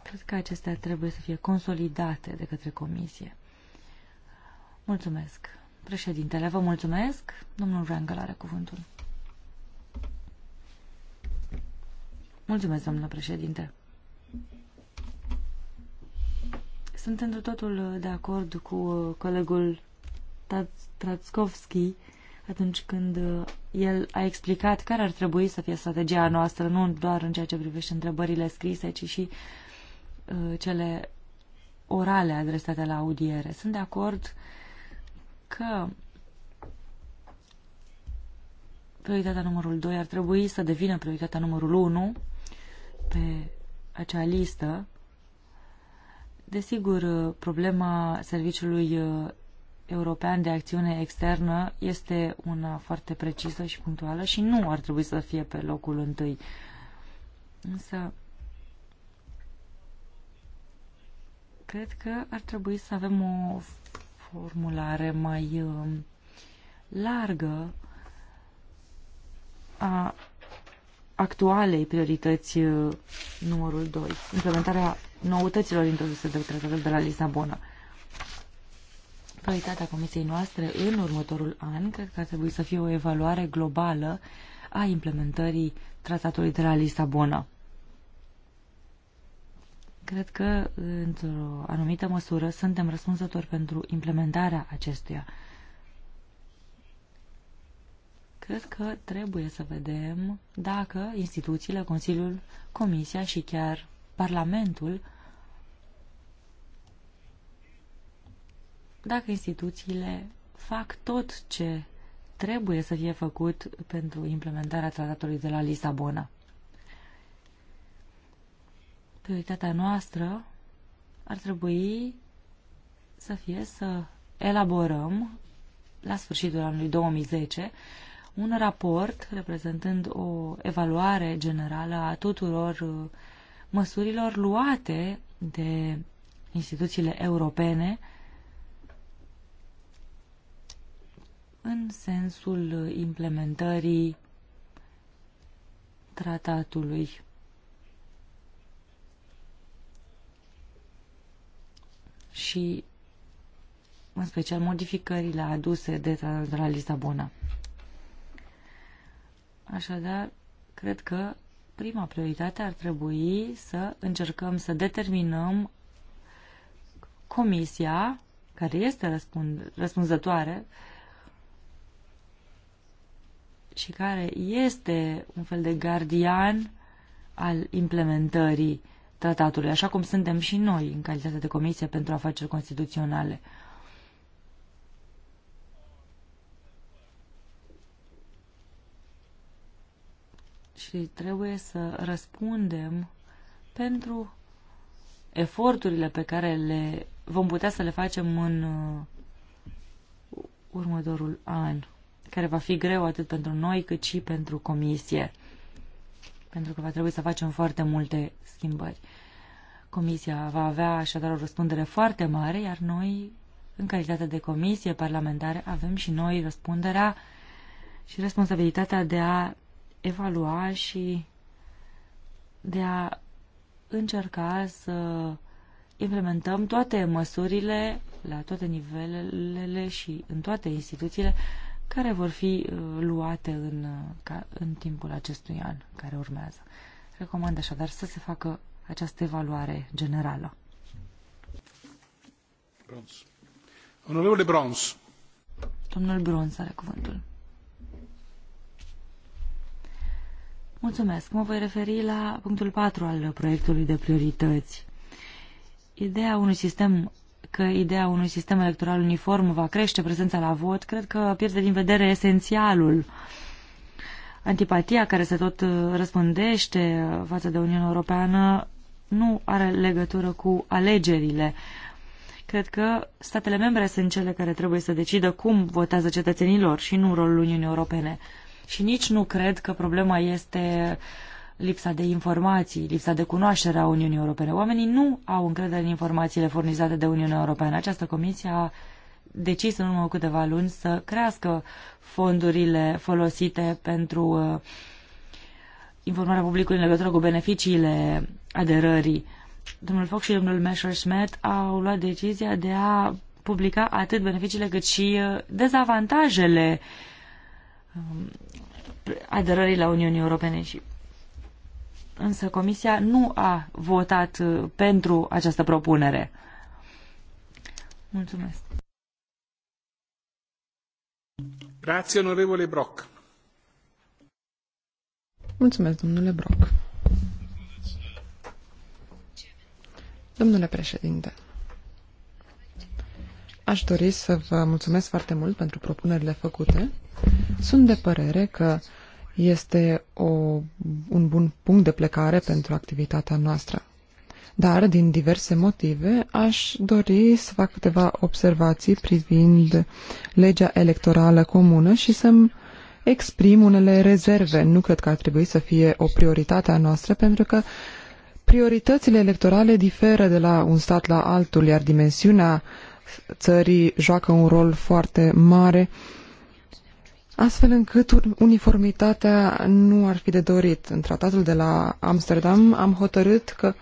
Cred că acestea trebuie să fie consolidate de către comisie. Mulțumesc. Președintele, vă mulțumesc. Domnul Rangel are cuvântul. Mulțumesc, doamnă președinte. Sunt într totul de acord cu uh, colegul Tratskovski atunci când uh, el a explicat care ar trebui să fie strategia noastră, nu doar în ceea ce privește întrebările scrise, ci și uh, cele orale adresate la audiere. Sunt de acord că prioritatea numărul 2 ar trebui să devină prioritatea numărul 1 pe acea listă. Desigur, problema Serviciului uh, European de Acțiune Externă este una foarte precisă și punctuală și nu ar trebui să fie pe locul întâi. Însă, cred că ar trebui să avem o formulare mai uh, largă a actualei priorități uh, numărul 2, implementarea noutăților introduse de tratatul de la Lisabona. Prioritatea comisiei noastre în următorul an cred că ar trebui să fie o evaluare globală a implementării tratatului de la Lisabona. Cred că, într-o anumită măsură, suntem răspunzători pentru implementarea acestuia. Cred că trebuie să vedem dacă instituțiile, Consiliul, Comisia și chiar Parlamentul, dacă instituțiile fac tot ce trebuie să fie făcut pentru implementarea tratatului de la Lisabona. Prioritatea noastră ar trebui să fie să elaborăm la sfârșitul anului 2010 un raport reprezentând o evaluare generală a tuturor uh, măsurilor luate de instituțiile europene în sensul implementării tratatului. Și în special modificările aduse de de la Lisabona. Așadar, cred că prima prioritate ar trebui să încercăm să determinăm comisia care este răspund, răspunzătoare și care este un fel de gardian al implementării tratatului, așa cum suntem și noi în calitate de comisie pentru afaceri constituționale. și trebuie să răspundem pentru eforturile pe care le vom putea să le facem în uh, următorul an, care va fi greu atât pentru noi cât și pentru comisie, pentru că va trebui să facem foarte multe schimbări. Comisia va avea așadar o răspundere foarte mare, iar noi, în calitate de comisie parlamentare, avem și noi răspunderea și responsabilitatea de a evalua și de a încerca să implementăm toate măsurile la toate nivelele și în toate instituțiile care vor fi uh, luate în, uh, în timpul acestui an care urmează. Recomand așadar să se facă această evaluare generală. Bronz. Onorevole Bronz. Domnul Bronz are cuvântul. Mulțumesc. Mă voi referi la punctul 4 al proiectului de priorități. Ideea unui sistem că ideea unui sistem electoral uniform va crește prezența la vot, cred că pierde din vedere esențialul. Antipatia care se tot uh, răspândește uh, față de Uniunea Europeană nu are legătură cu alegerile. Cred că statele membre sunt cele care trebuie să decidă cum votează cetățenilor și nu rolul Uniunii Europene și nici nu cred că problema este lipsa de informații, lipsa de cunoaștere a Uniunii Europene. Oamenii nu au încredere în informațiile furnizate de Uniunea Europeană. Această comisie a decis în urmă câteva luni să crească fondurile folosite pentru uh, informarea publicului în legătură cu beneficiile aderării. Domnul Foc și domnul Messerschmidt au luat decizia de a publica atât beneficiile cât și uh, dezavantajele uh, Um, aderării la Uniunii Europene și însă Comisia nu a votat uh, pentru această propunere. Mulțumesc. Grazie, onorevole Brock. Mulțumesc, domnule Brock. Domnule președinte, aș dori să vă mulțumesc foarte mult pentru propunerile făcute sunt de părere că este o, un bun punct de plecare pentru activitatea noastră. Dar, din diverse motive, aș dori să fac câteva observații privind legea electorală comună și să-mi exprim unele rezerve. Nu cred că ar trebui să fie o prioritate a noastră, pentru că prioritățile electorale diferă de la un stat la altul, iar dimensiunea țării joacă un rol foarte mare uh, astfel încât uniformitatea nu ar fi de dorit. În tratatul de la Amsterdam am hotărât că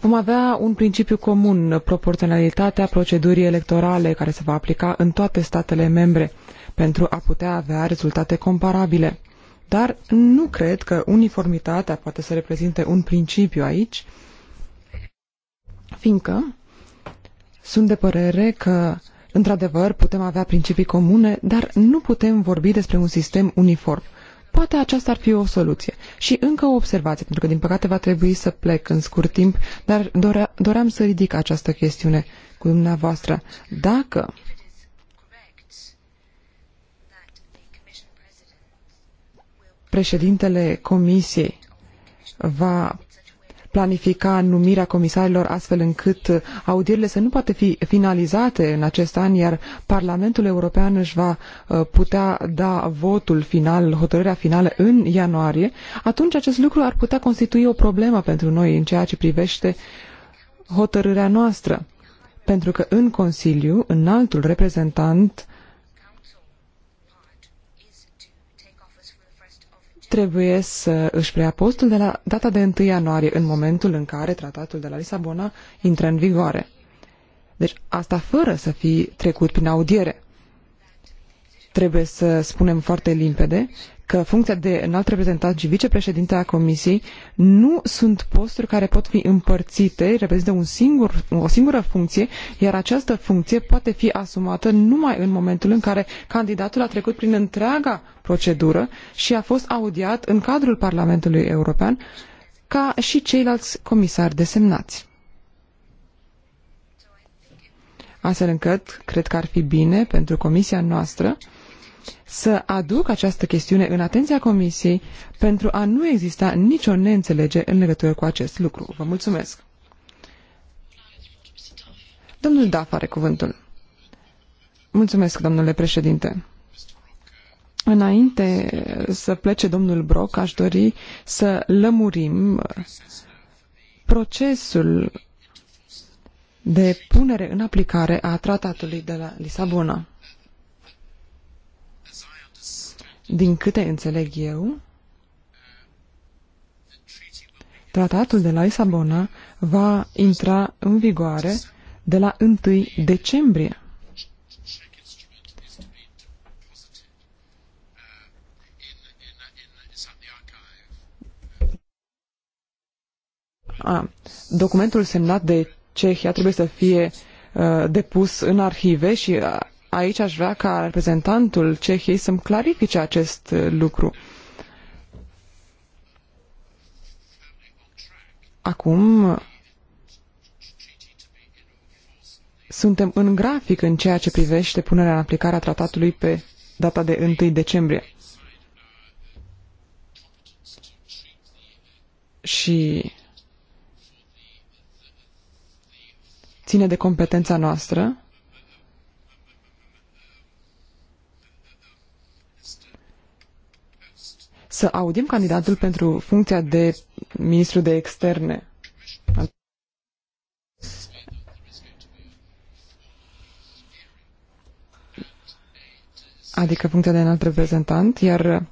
vom avea un principiu comun, proporționalitatea procedurii electorale care se va aplica în toate statele membre pentru a putea avea rezultate comparabile. Dar nu cred că uniformitatea poate să reprezinte un principiu aici, fiindcă sunt de părere că Într-adevăr, putem avea principii comune, dar nu putem vorbi despre un sistem uniform. Poate aceasta ar fi o soluție. Și încă o observație, pentru că din păcate va trebui să plec în scurt timp, dar dorea, doream să ridic această chestiune cu dumneavoastră. Dacă președintele Comisiei va planifica numirea comisarilor astfel încât audierile să nu poate fi finalizate în acest an, iar Parlamentul European își va uh, putea da votul final, hotărârea finală în ianuarie, atunci acest lucru ar putea constitui o problemă pentru noi în ceea ce privește hotărârea noastră. Pentru că în Consiliu, înaltul reprezentant trebuie să își preia postul de la data de 1 ianuarie, în momentul în care tratatul de la Lisabona intră în vigoare. Deci asta fără să fi trecut prin audiere. Trebuie să spunem foarte limpede că funcția de înalt reprezentant și vicepreședinte a Comisiei nu sunt posturi care pot fi împărțite, reprezintă un singur, o singură funcție, iar această funcție poate fi asumată numai în momentul în care candidatul a trecut prin întreaga procedură și a fost audiat în cadrul Parlamentului European ca și ceilalți comisari desemnați. Astfel încât, cred că ar fi bine pentru comisia noastră să aduc această chestiune în atenția Comisiei pentru a nu exista nicio neînțelege în legătură cu acest lucru. Vă mulțumesc! Domnul Daf are cuvântul. Mulțumesc, domnule președinte. Înainte să plece domnul Brock, aș dori să lămurim procesul de punere în aplicare a tratatului de la Lisabona. Din câte înțeleg eu, tratatul de la Lisabona va intra în vigoare de la 1 decembrie. A, documentul semnat de Cehia trebuie să fie uh, depus în arhive și uh, aici aș vrea ca reprezentantul Cehiei să-mi clarifice acest uh, lucru. Acum suntem în grafic în ceea ce privește punerea în aplicare a tratatului pe data de 1 decembrie. Și ține de competența noastră să audim candidatul pentru funcția de ministru de externe. Adică funcția de înalt reprezentant, iar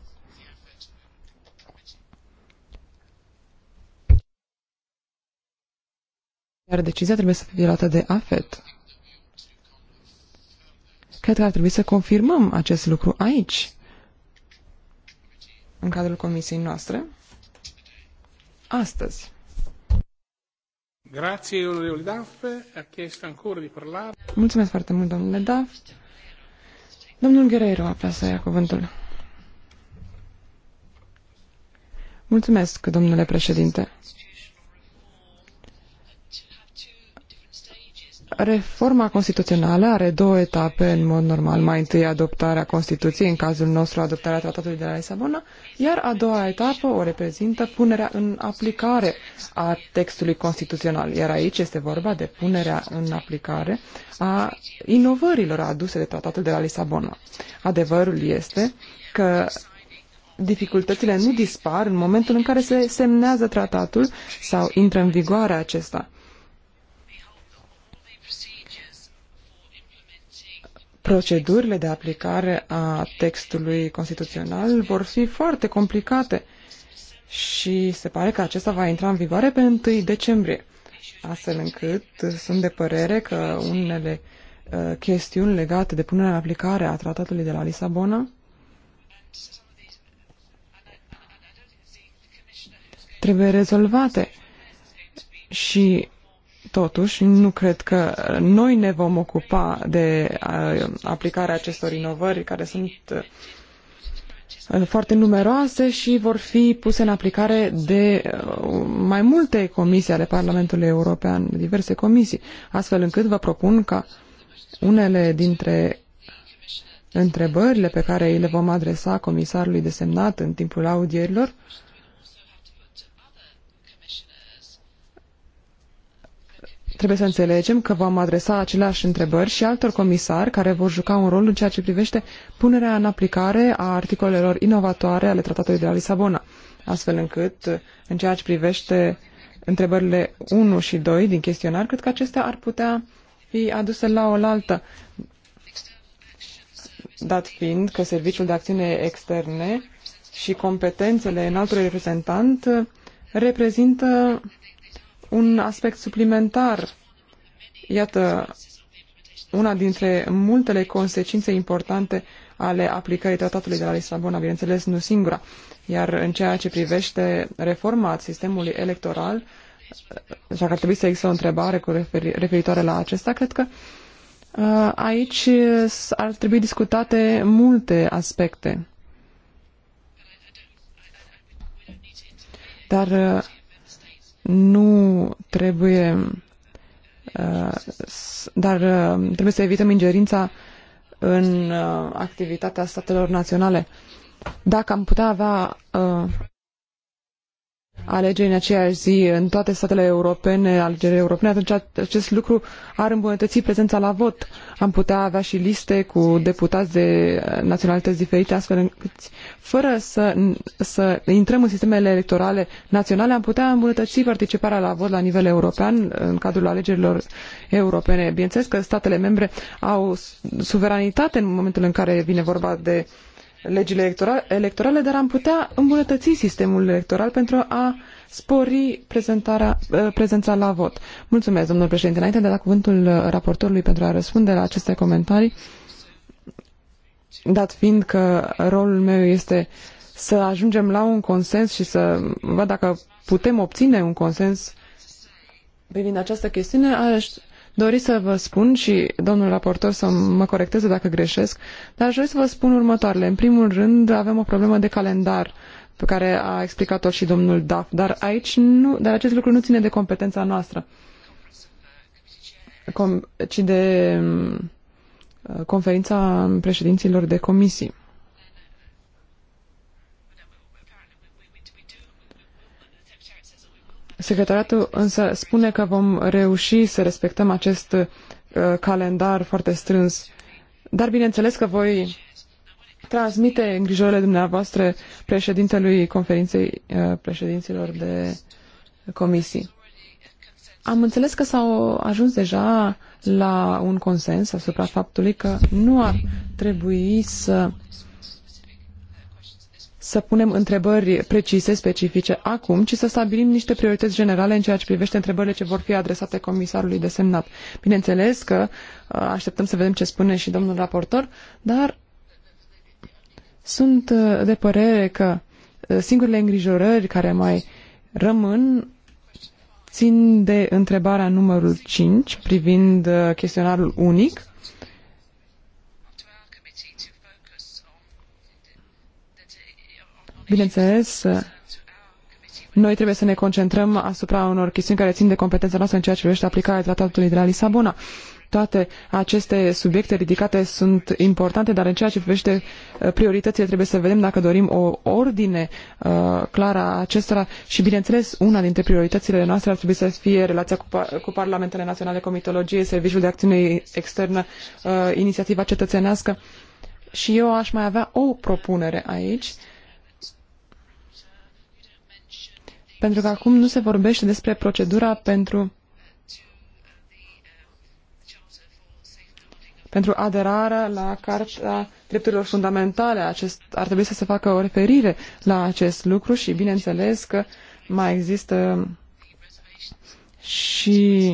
Iar decizia trebuie să fie luată de AFET. Cred că ar trebui să confirmăm acest lucru aici în cadrul comisiei noastre astăzi. Grazie, onorevole Daff. chiesto ancora di parlare. Mulțumesc foarte mult, domnule Daft. Domnul Guerreiro a vrea să ia cuvântul. Mulțumesc, domnule președinte. Reforma constituțională are două etape în mod normal. Mai întâi adoptarea Constituției, în cazul nostru adoptarea Tratatului de la Lisabona, iar a doua etapă o reprezintă punerea în aplicare a textului constituțional. Iar aici este vorba de punerea în aplicare a inovărilor aduse de Tratatul de la Lisabona. Adevărul este că dificultățile nu dispar în momentul în care se semnează tratatul sau intră în vigoare acesta procedurile de aplicare a textului constituțional vor fi foarte complicate și se pare că acesta va intra în vigoare pe 1 decembrie, astfel încât sunt de părere că unele uh, chestiuni legate de punerea în aplicare a tratatului de la Lisabona trebuie rezolvate și Totuși, nu cred că noi ne vom ocupa de aplicarea acestor inovări care sunt foarte numeroase și vor fi puse în aplicare de mai multe comisii ale Parlamentului European, diverse comisii, astfel încât vă propun ca unele dintre întrebările pe care le vom adresa comisarului desemnat în timpul audierilor uh, Trebuie să înțelegem că vom adresa aceleași întrebări și altor comisari care vor juca un rol în ceea ce privește punerea în aplicare a articolelor inovatoare ale Tratatului de la Lisabona, astfel încât, în ceea ce privește întrebările 1 și 2 din chestionar, cred că acestea ar putea fi aduse la oaltă, dat fiind că Serviciul de Acțiune Externe și competențele înaltului reprezentant reprezintă un aspect suplimentar. Iată, una dintre multele consecințe importante ale aplicării tratatului de la Lisabona, bineînțeles, nu singura. Iar în ceea ce privește reforma sistemului electoral, așa că ar trebui să există o întrebare cu referi, referitoare la acesta, cred că uh, aici ar trebui discutate multe aspecte. Dar uh, nu trebuie, uh, dar uh, trebuie să evităm ingerința în uh, activitatea statelor naționale. Dacă am putea avea alegeri în aceeași zi în toate statele europene, alegeri europene, atunci acest lucru ar îmbunătăți prezența la vot. Am putea avea și liste cu deputați de uh, naționalități diferite, astfel încât, fără să, să intrăm în sistemele electorale naționale, am putea îmbunătăți participarea la vot la nivel european uh, în cadrul alegerilor europene. Bineînțeles că statele membre au suveranitate în momentul în care vine vorba de uh, legile electorale, dar am putea îmbunătăți sistemul electoral pentru a spori prezentarea, eh, prezența la vot. Mulțumesc, domnul președinte. Înainte de a da cuvântul eh, raportorului pentru a răspunde la aceste comentarii, dat fiind că rolul meu este să ajungem la un consens și să văd dacă putem obține un consens privind această chestiune, aș dori să vă spun și domnul raportor să mă corecteze dacă greșesc, dar aș dori să vă spun următoarele. În primul rând avem o problemă de calendar pe care a explicat-o și domnul Daf, dar aici nu, dar acest lucru nu ține de competența noastră, ci de mm, conferința președinților de comisii. Secretariatul însă spune că vom reuși să respectăm acest uh, calendar foarte strâns. Dar bineînțeles că voi transmite îngrijorile dumneavoastră președintelui conferinței uh, președinților de comisii. Am înțeles că s-au ajuns deja la un consens asupra faptului că nu ar trebui să să punem întrebări precise, specifice acum, ci să stabilim niște priorități generale în ceea ce privește întrebările ce vor fi adresate comisarului desemnat. Bineînțeles că uh, așteptăm să vedem ce spune și domnul raportor, dar sunt uh, de părere că uh, singurele îngrijorări care mai rămân țin de întrebarea numărul 5 privind chestionarul unic Bineînțeles, noi trebuie să ne concentrăm asupra unor chestiuni care țin de competența noastră în ceea ce privește aplicarea tratatului de la Lisabona. Toate aceste subiecte ridicate sunt importante, dar în ceea ce privește uh, prioritățile trebuie să vedem dacă dorim o ordine uh, clară a acestora și, bineînțeles, una dintre prioritățile noastre ar trebui să fie relația cu, cu Parlamentele Naționale, Comitologie, Serviciul de Acțiune Externă, uh, Inițiativa Cetățenească. Și eu aș mai avea o propunere aici. Uh, pentru că acum nu se vorbește despre procedura pentru pentru aderarea la Carta Drepturilor Fundamentale. Acest, ar trebui să se facă o referire la acest lucru și bineînțeles că mai există și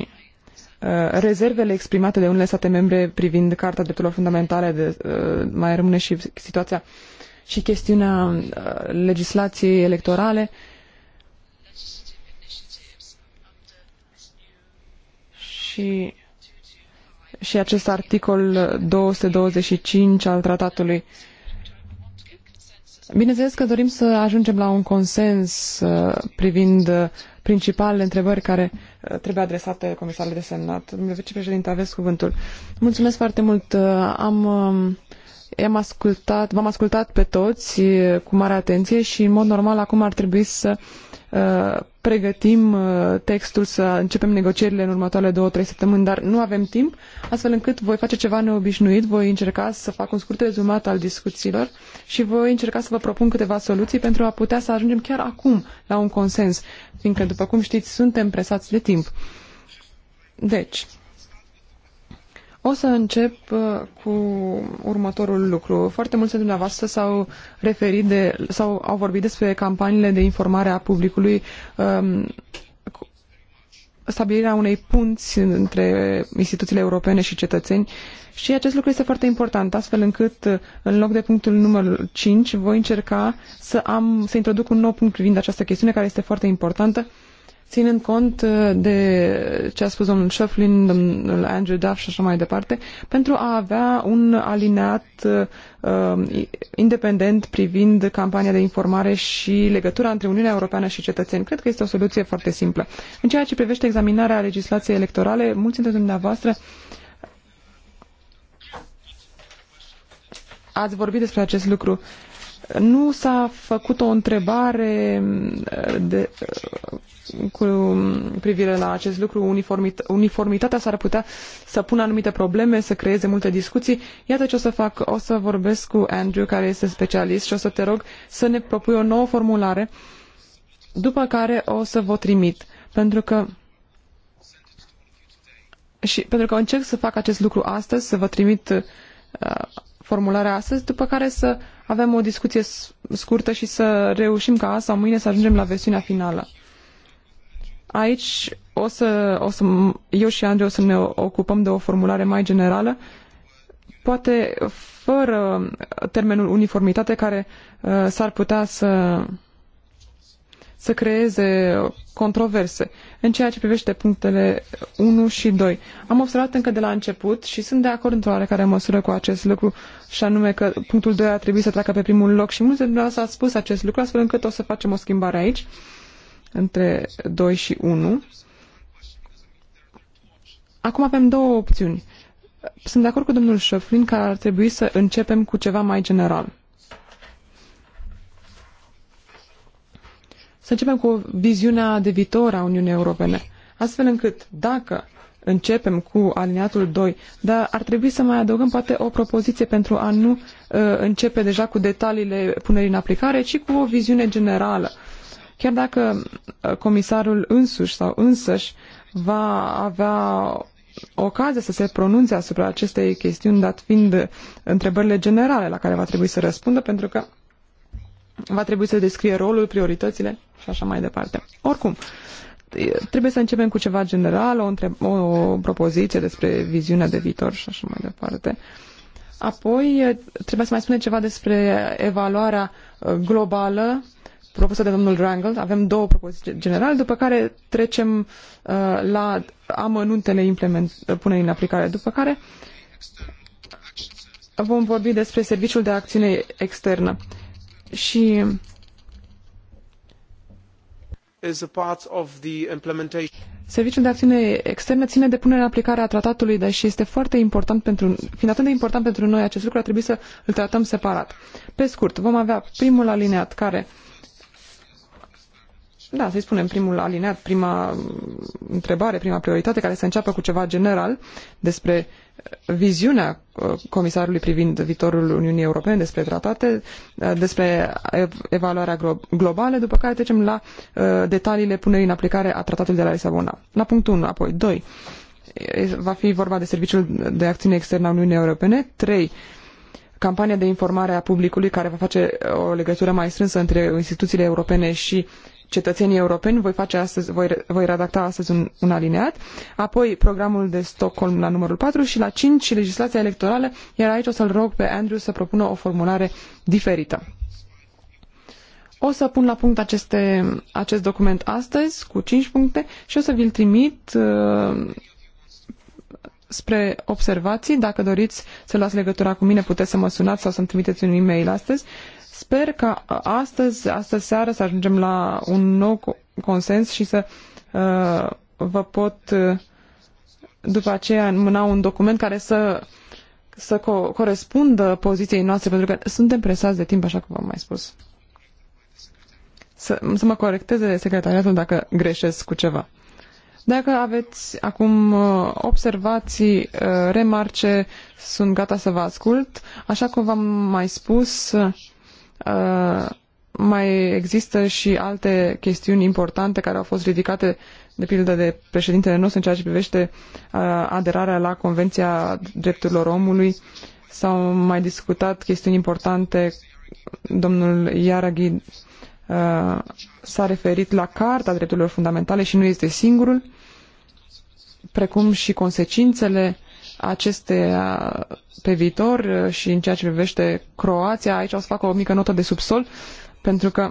uh, rezervele exprimate de unele state membre privind Carta Drepturilor Fundamentale, de, uh, mai rămâne și situația și chestiunea uh, legislației electorale și, și acest articol 225 al tratatului. Bineînțeles că dorim să ajungem la un consens uh, privind uh, principalele întrebări care uh, trebuie adresate comisarului de semnat. Domnule vicepreședinte, aveți cuvântul. Mulțumesc foarte mult. Am, um, am ascultat, v-am ascultat pe toți cu mare atenție și, în mod normal, acum ar trebui să pregătim uh, textul, să începem negocierile în următoarele două, trei săptămâni, dar nu avem timp, astfel încât voi face ceva neobișnuit, voi încerca să fac un scurt rezumat al discuțiilor și voi încerca să vă propun câteva soluții pentru a putea să ajungem chiar acum la un consens, fiindcă, după cum știți, suntem presați de timp. Deci, o să încep uh, cu următorul lucru. Foarte mulți dintre dumneavoastră s-au referit de, sau au vorbit despre campaniile de informare a publicului, um, stabilirea unei punți între instituțiile europene și cetățeni și acest lucru este foarte important, astfel încât uh, în loc de punctul numărul 5 voi încerca să, am, să introduc un nou punct privind această chestiune care este foarte importantă ținând cont uh, de ce a spus domnul Schöflin, domnul Andrew Duff și așa mai departe, pentru a avea un alineat uh, uh, independent privind campania de informare și legătura între Uniunea Europeană și cetățeni. Cred că este o soluție foarte simplă. În ceea ce privește examinarea legislației electorale, mulți dintre dumneavoastră ați vorbit despre acest lucru nu s-a făcut o întrebare uh, de, uh, cu privire la acest lucru. Uniformit, uniformitatea s-ar putea să pună anumite probleme, să creeze multe discuții. Iată ce o să fac. O să vorbesc cu Andrew, care este specialist, și o să te rog să ne propui o nouă formulare, după care o să vă trimit. Pentru că și pentru că încerc să fac acest lucru astăzi, să vă trimit uh, formularea astăzi, după care să uh, avem o discuție scurtă și să reușim ca asta mâine să ajungem la versiunea finală. Aici o să, o să, eu și Andrei o să ne ocupăm de o formulare mai generală, poate fără termenul uniformitate care uh, s-ar putea să să creeze controverse în ceea ce privește punctele 1 și 2. Am observat încă de la început și sunt de acord într-o oarecare măsură cu acest lucru și anume că punctul 2 ar trebui să treacă pe primul loc și mulți dintre noi au spus acest lucru astfel încât o să facem o schimbare aici între 2 și 1. Acum avem două opțiuni. Sunt de acord cu domnul Șoflin că ar trebui să începem cu ceva mai general să începem cu viziunea de viitor a Uniunii Europene, astfel încât dacă începem cu aliniatul 2, dar ar trebui să mai adăugăm poate o propoziție pentru a nu uh, începe deja cu detaliile punerii în aplicare, ci cu o viziune generală. Chiar dacă uh, comisarul însuși sau însăși va avea ocazia să se pronunțe asupra acestei chestiuni, dat fiind întrebările generale la care va trebui să răspundă, pentru că va trebui să descrie rolul, prioritățile și așa mai departe. Oricum, trebuie să începem cu ceva general, o, întreb- o propoziție despre viziunea de viitor și așa mai departe. Apoi, trebuie să mai spunem ceva despre evaluarea globală propusă de domnul Rangel. Avem două propoziții generale, după care trecem uh, la amănuntele implement, punerii în aplicare, după care vom vorbi despre serviciul de acțiune externă. Și Serviciul de acțiune externă ține de punerea în aplicare a tratatului, deși este foarte important pentru, fiind atât de important pentru noi acest lucru, ar trebui să îl tratăm separat. Pe scurt, vom avea primul alineat care da, să-i spunem, primul alineat, prima întrebare, prima prioritate, care să înceapă cu ceva general despre uh, viziunea uh, comisarului privind viitorul Uniunii Europene, despre tratate, uh, despre evaluarea globală, după care trecem la detaliile punerii în aplicare a tratatului de la Lisabona. La punctul 1, apoi 2, va fi vorba de Serviciul de Acțiune Externă a Uniunii Europene, 3, campania de informare a publicului care va face o legătură mai strânsă între instituțiile europene și uh, cetățenii europeni, voi, face astăzi, voi, voi redacta astăzi un, un alineat, apoi programul de Stockholm la numărul 4 și la 5 legislația electorală, iar aici o să-l rog pe Andrew să propună o formulare diferită. O să pun la punct aceste, acest document astăzi cu 5 puncte și o să vi-l trimit uh, spre observații. Dacă doriți să luați legătura cu mine, puteți să mă sunați sau să-mi trimiteți un e-mail astăzi Sper că astăzi, astăzi seară, să ajungem la un nou consens și să uh, vă pot uh, după aceea mâna un document care să, să co- corespundă poziției noastre, pentru că suntem presați de timp, așa cum v-am mai spus. Să, să mă corecteze secretariatul dacă greșesc cu ceva. Dacă aveți acum uh, observații, uh, remarce, sunt gata să vă ascult. Așa cum v-am mai spus, Uh, mai există și alte chestiuni importante care au fost ridicate, de pildă de președintele nostru, în ceea ce privește uh, aderarea la Convenția Drepturilor Omului. S-au mai discutat chestiuni importante. Domnul Iaraghi uh, s-a referit la Carta Drepturilor Fundamentale și nu este singurul, precum și consecințele aceste pe viitor și în ceea ce privește Croația, aici o să fac o mică notă de subsol, pentru că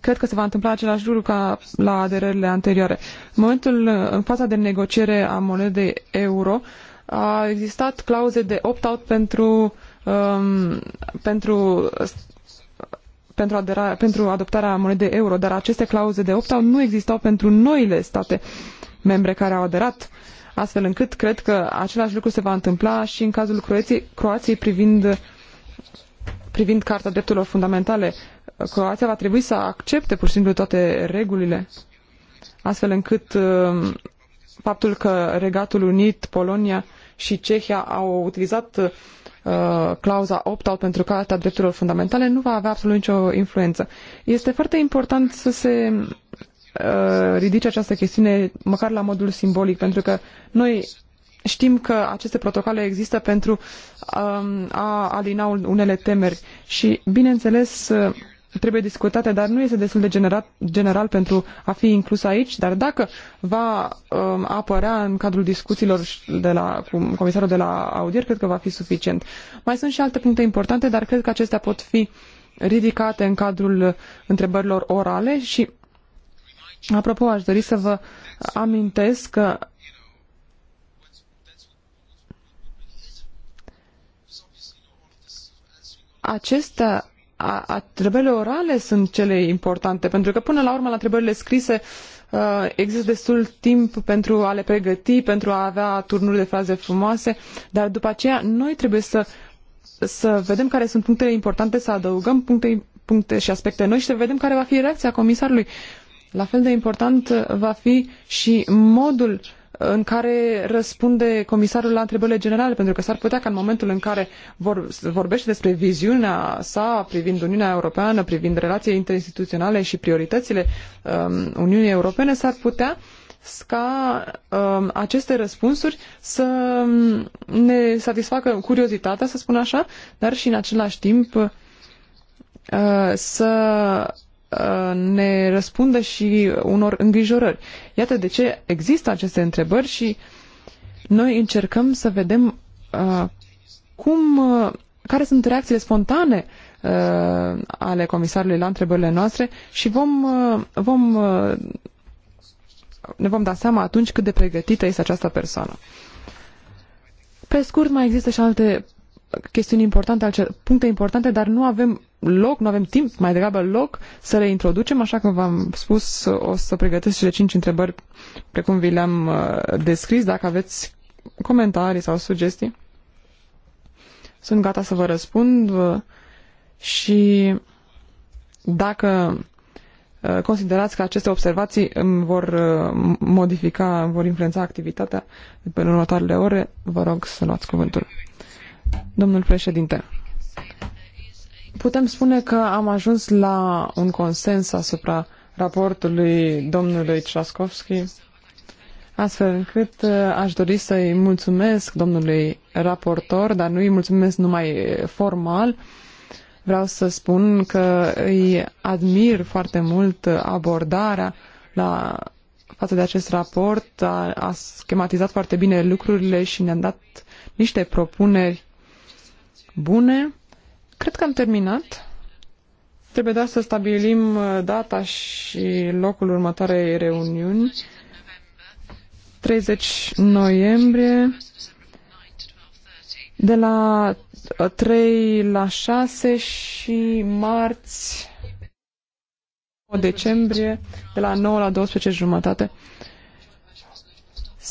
cred că se va întâmpla același lucru ca la aderările anterioare. În momentul în fața de negociere a monedei euro, a existat clauze de opt-out pentru, um, pentru pentru, adera, pentru adoptarea monedei euro, dar aceste clauze de opt-out nu existau pentru noile state membre care au aderat uh, astfel încât cred că același lucru se va întâmpla și în cazul Croației, Croației privind, privind Carta Drepturilor Fundamentale. Croația va trebui să accepte pur și simplu toate regulile, astfel încât um, faptul că Regatul Unit, Polonia și Cehia au utilizat uh, clauza opt-out pentru Carta Drepturilor Fundamentale nu va avea absolut nicio influență. Este foarte important să se Uh, ridice această chestiune măcar la modul simbolic, pentru că noi știm că aceste protocoale există pentru um, a alina unele temeri și, bineînțeles, uh, trebuie discutate, dar nu este destul de general, general pentru a fi inclus aici, dar dacă va um, apărea în cadrul discuțiilor de la, cu comisarul de la audier, cred că va fi suficient. Mai sunt și alte puncte importante, dar cred că acestea pot fi ridicate în cadrul uh, întrebărilor orale și Apropo, aș dori să vă amintesc că acestea a, a, întrebările orale sunt cele importante, pentru că până la urmă la întrebările scrise uh, există destul timp pentru a le pregăti, pentru a avea turnuri de fraze frumoase, dar după aceea noi trebuie să, să vedem care sunt punctele importante, să adăugăm puncte, puncte și aspecte noi și să vedem care va fi reacția comisarului. La fel de important va fi și modul în care răspunde comisarul la întrebările generale, pentru că s-ar putea ca în momentul în care vor, vorbește despre viziunea sa privind Uniunea Europeană, privind relațiile interinstituționale și prioritățile um, Uniunii Europene, s-ar putea ca um, aceste răspunsuri să ne satisfacă curiozitatea, să spun așa, dar și în același timp uh, să Uh, ne răspundă și unor îngrijorări. Iată de ce există aceste întrebări și noi încercăm să vedem uh, cum, uh, care sunt reacțiile spontane ale comisarului la întrebările noastre și vom, vom, ne vom da seama atunci cât de pregătită este această persoană. Pe scurt, mai există și alte chestiuni importante, puncte importante, dar nu avem loc, nu avem timp, mai degrabă loc să le introducem, așa că v-am spus, o să pregătesc cele cinci întrebări precum vi le-am uh, descris, dacă aveți comentarii sau sugestii. Sunt gata să vă răspund uh, și dacă uh, considerați că aceste observații îmi vor modifica, îmi vor influența activitatea pe următoarele ore, vă rog să luați cuvântul. Domnul președinte, putem spune că am ajuns la un consens asupra raportului domnului Trzaskowski, astfel încât uh, aș dori să-i mulțumesc domnului raportor, dar nu îi mulțumesc numai formal. Vreau să spun că îi admir foarte mult abordarea la față de acest raport, a, a schematizat foarte bine lucrurile și ne-a dat niște propuneri bune. Cred că am terminat. Trebuie doar să stabilim uh, data și locul următoarei reuniuni. 30 noiembrie de la 3 uh, la 6 și marți 9 decembrie de la 9 la 12 jumătate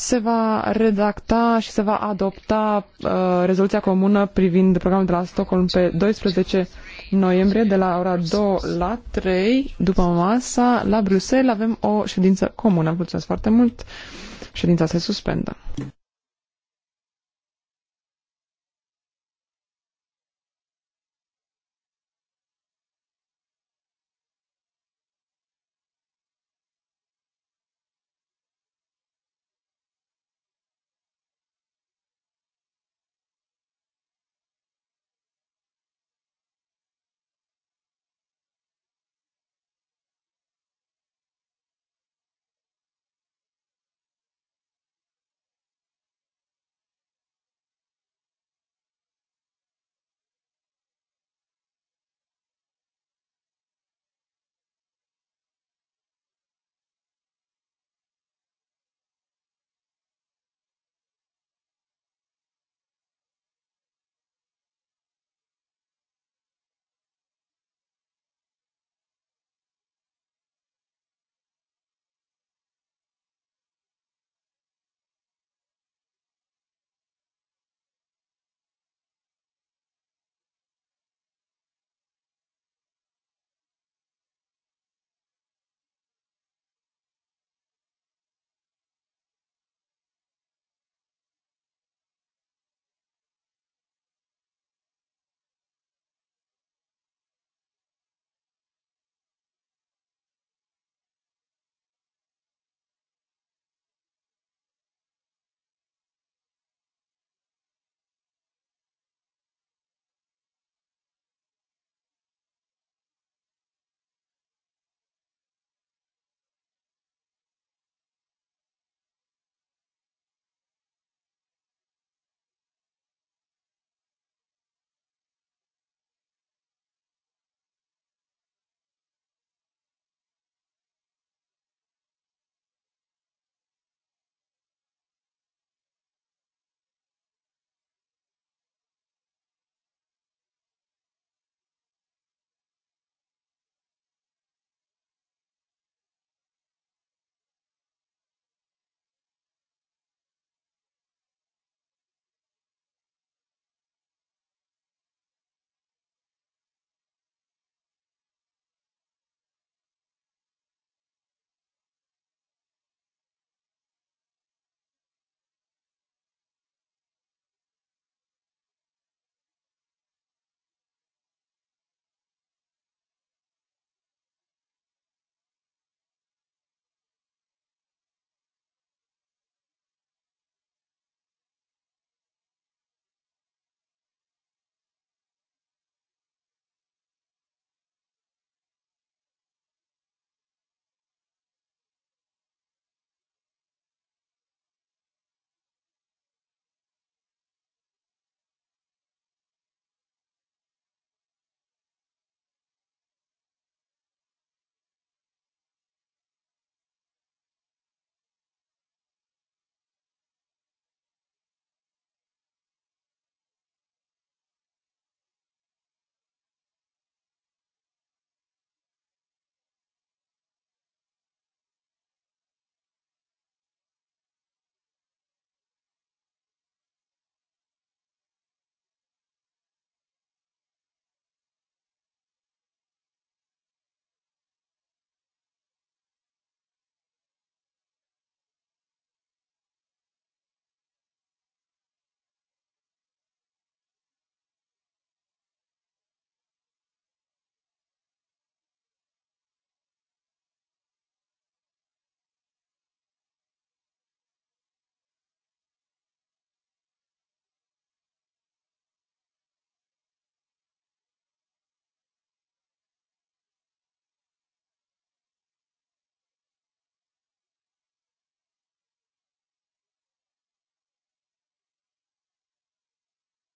se va redacta și se va adopta uh, rezoluția comună privind programul de la Stockholm pe 12 noiembrie de la ora 2 la 3 după masa la Bruxelles avem o ședință comună. Mulțumesc foarte mult. Ședința se suspendă.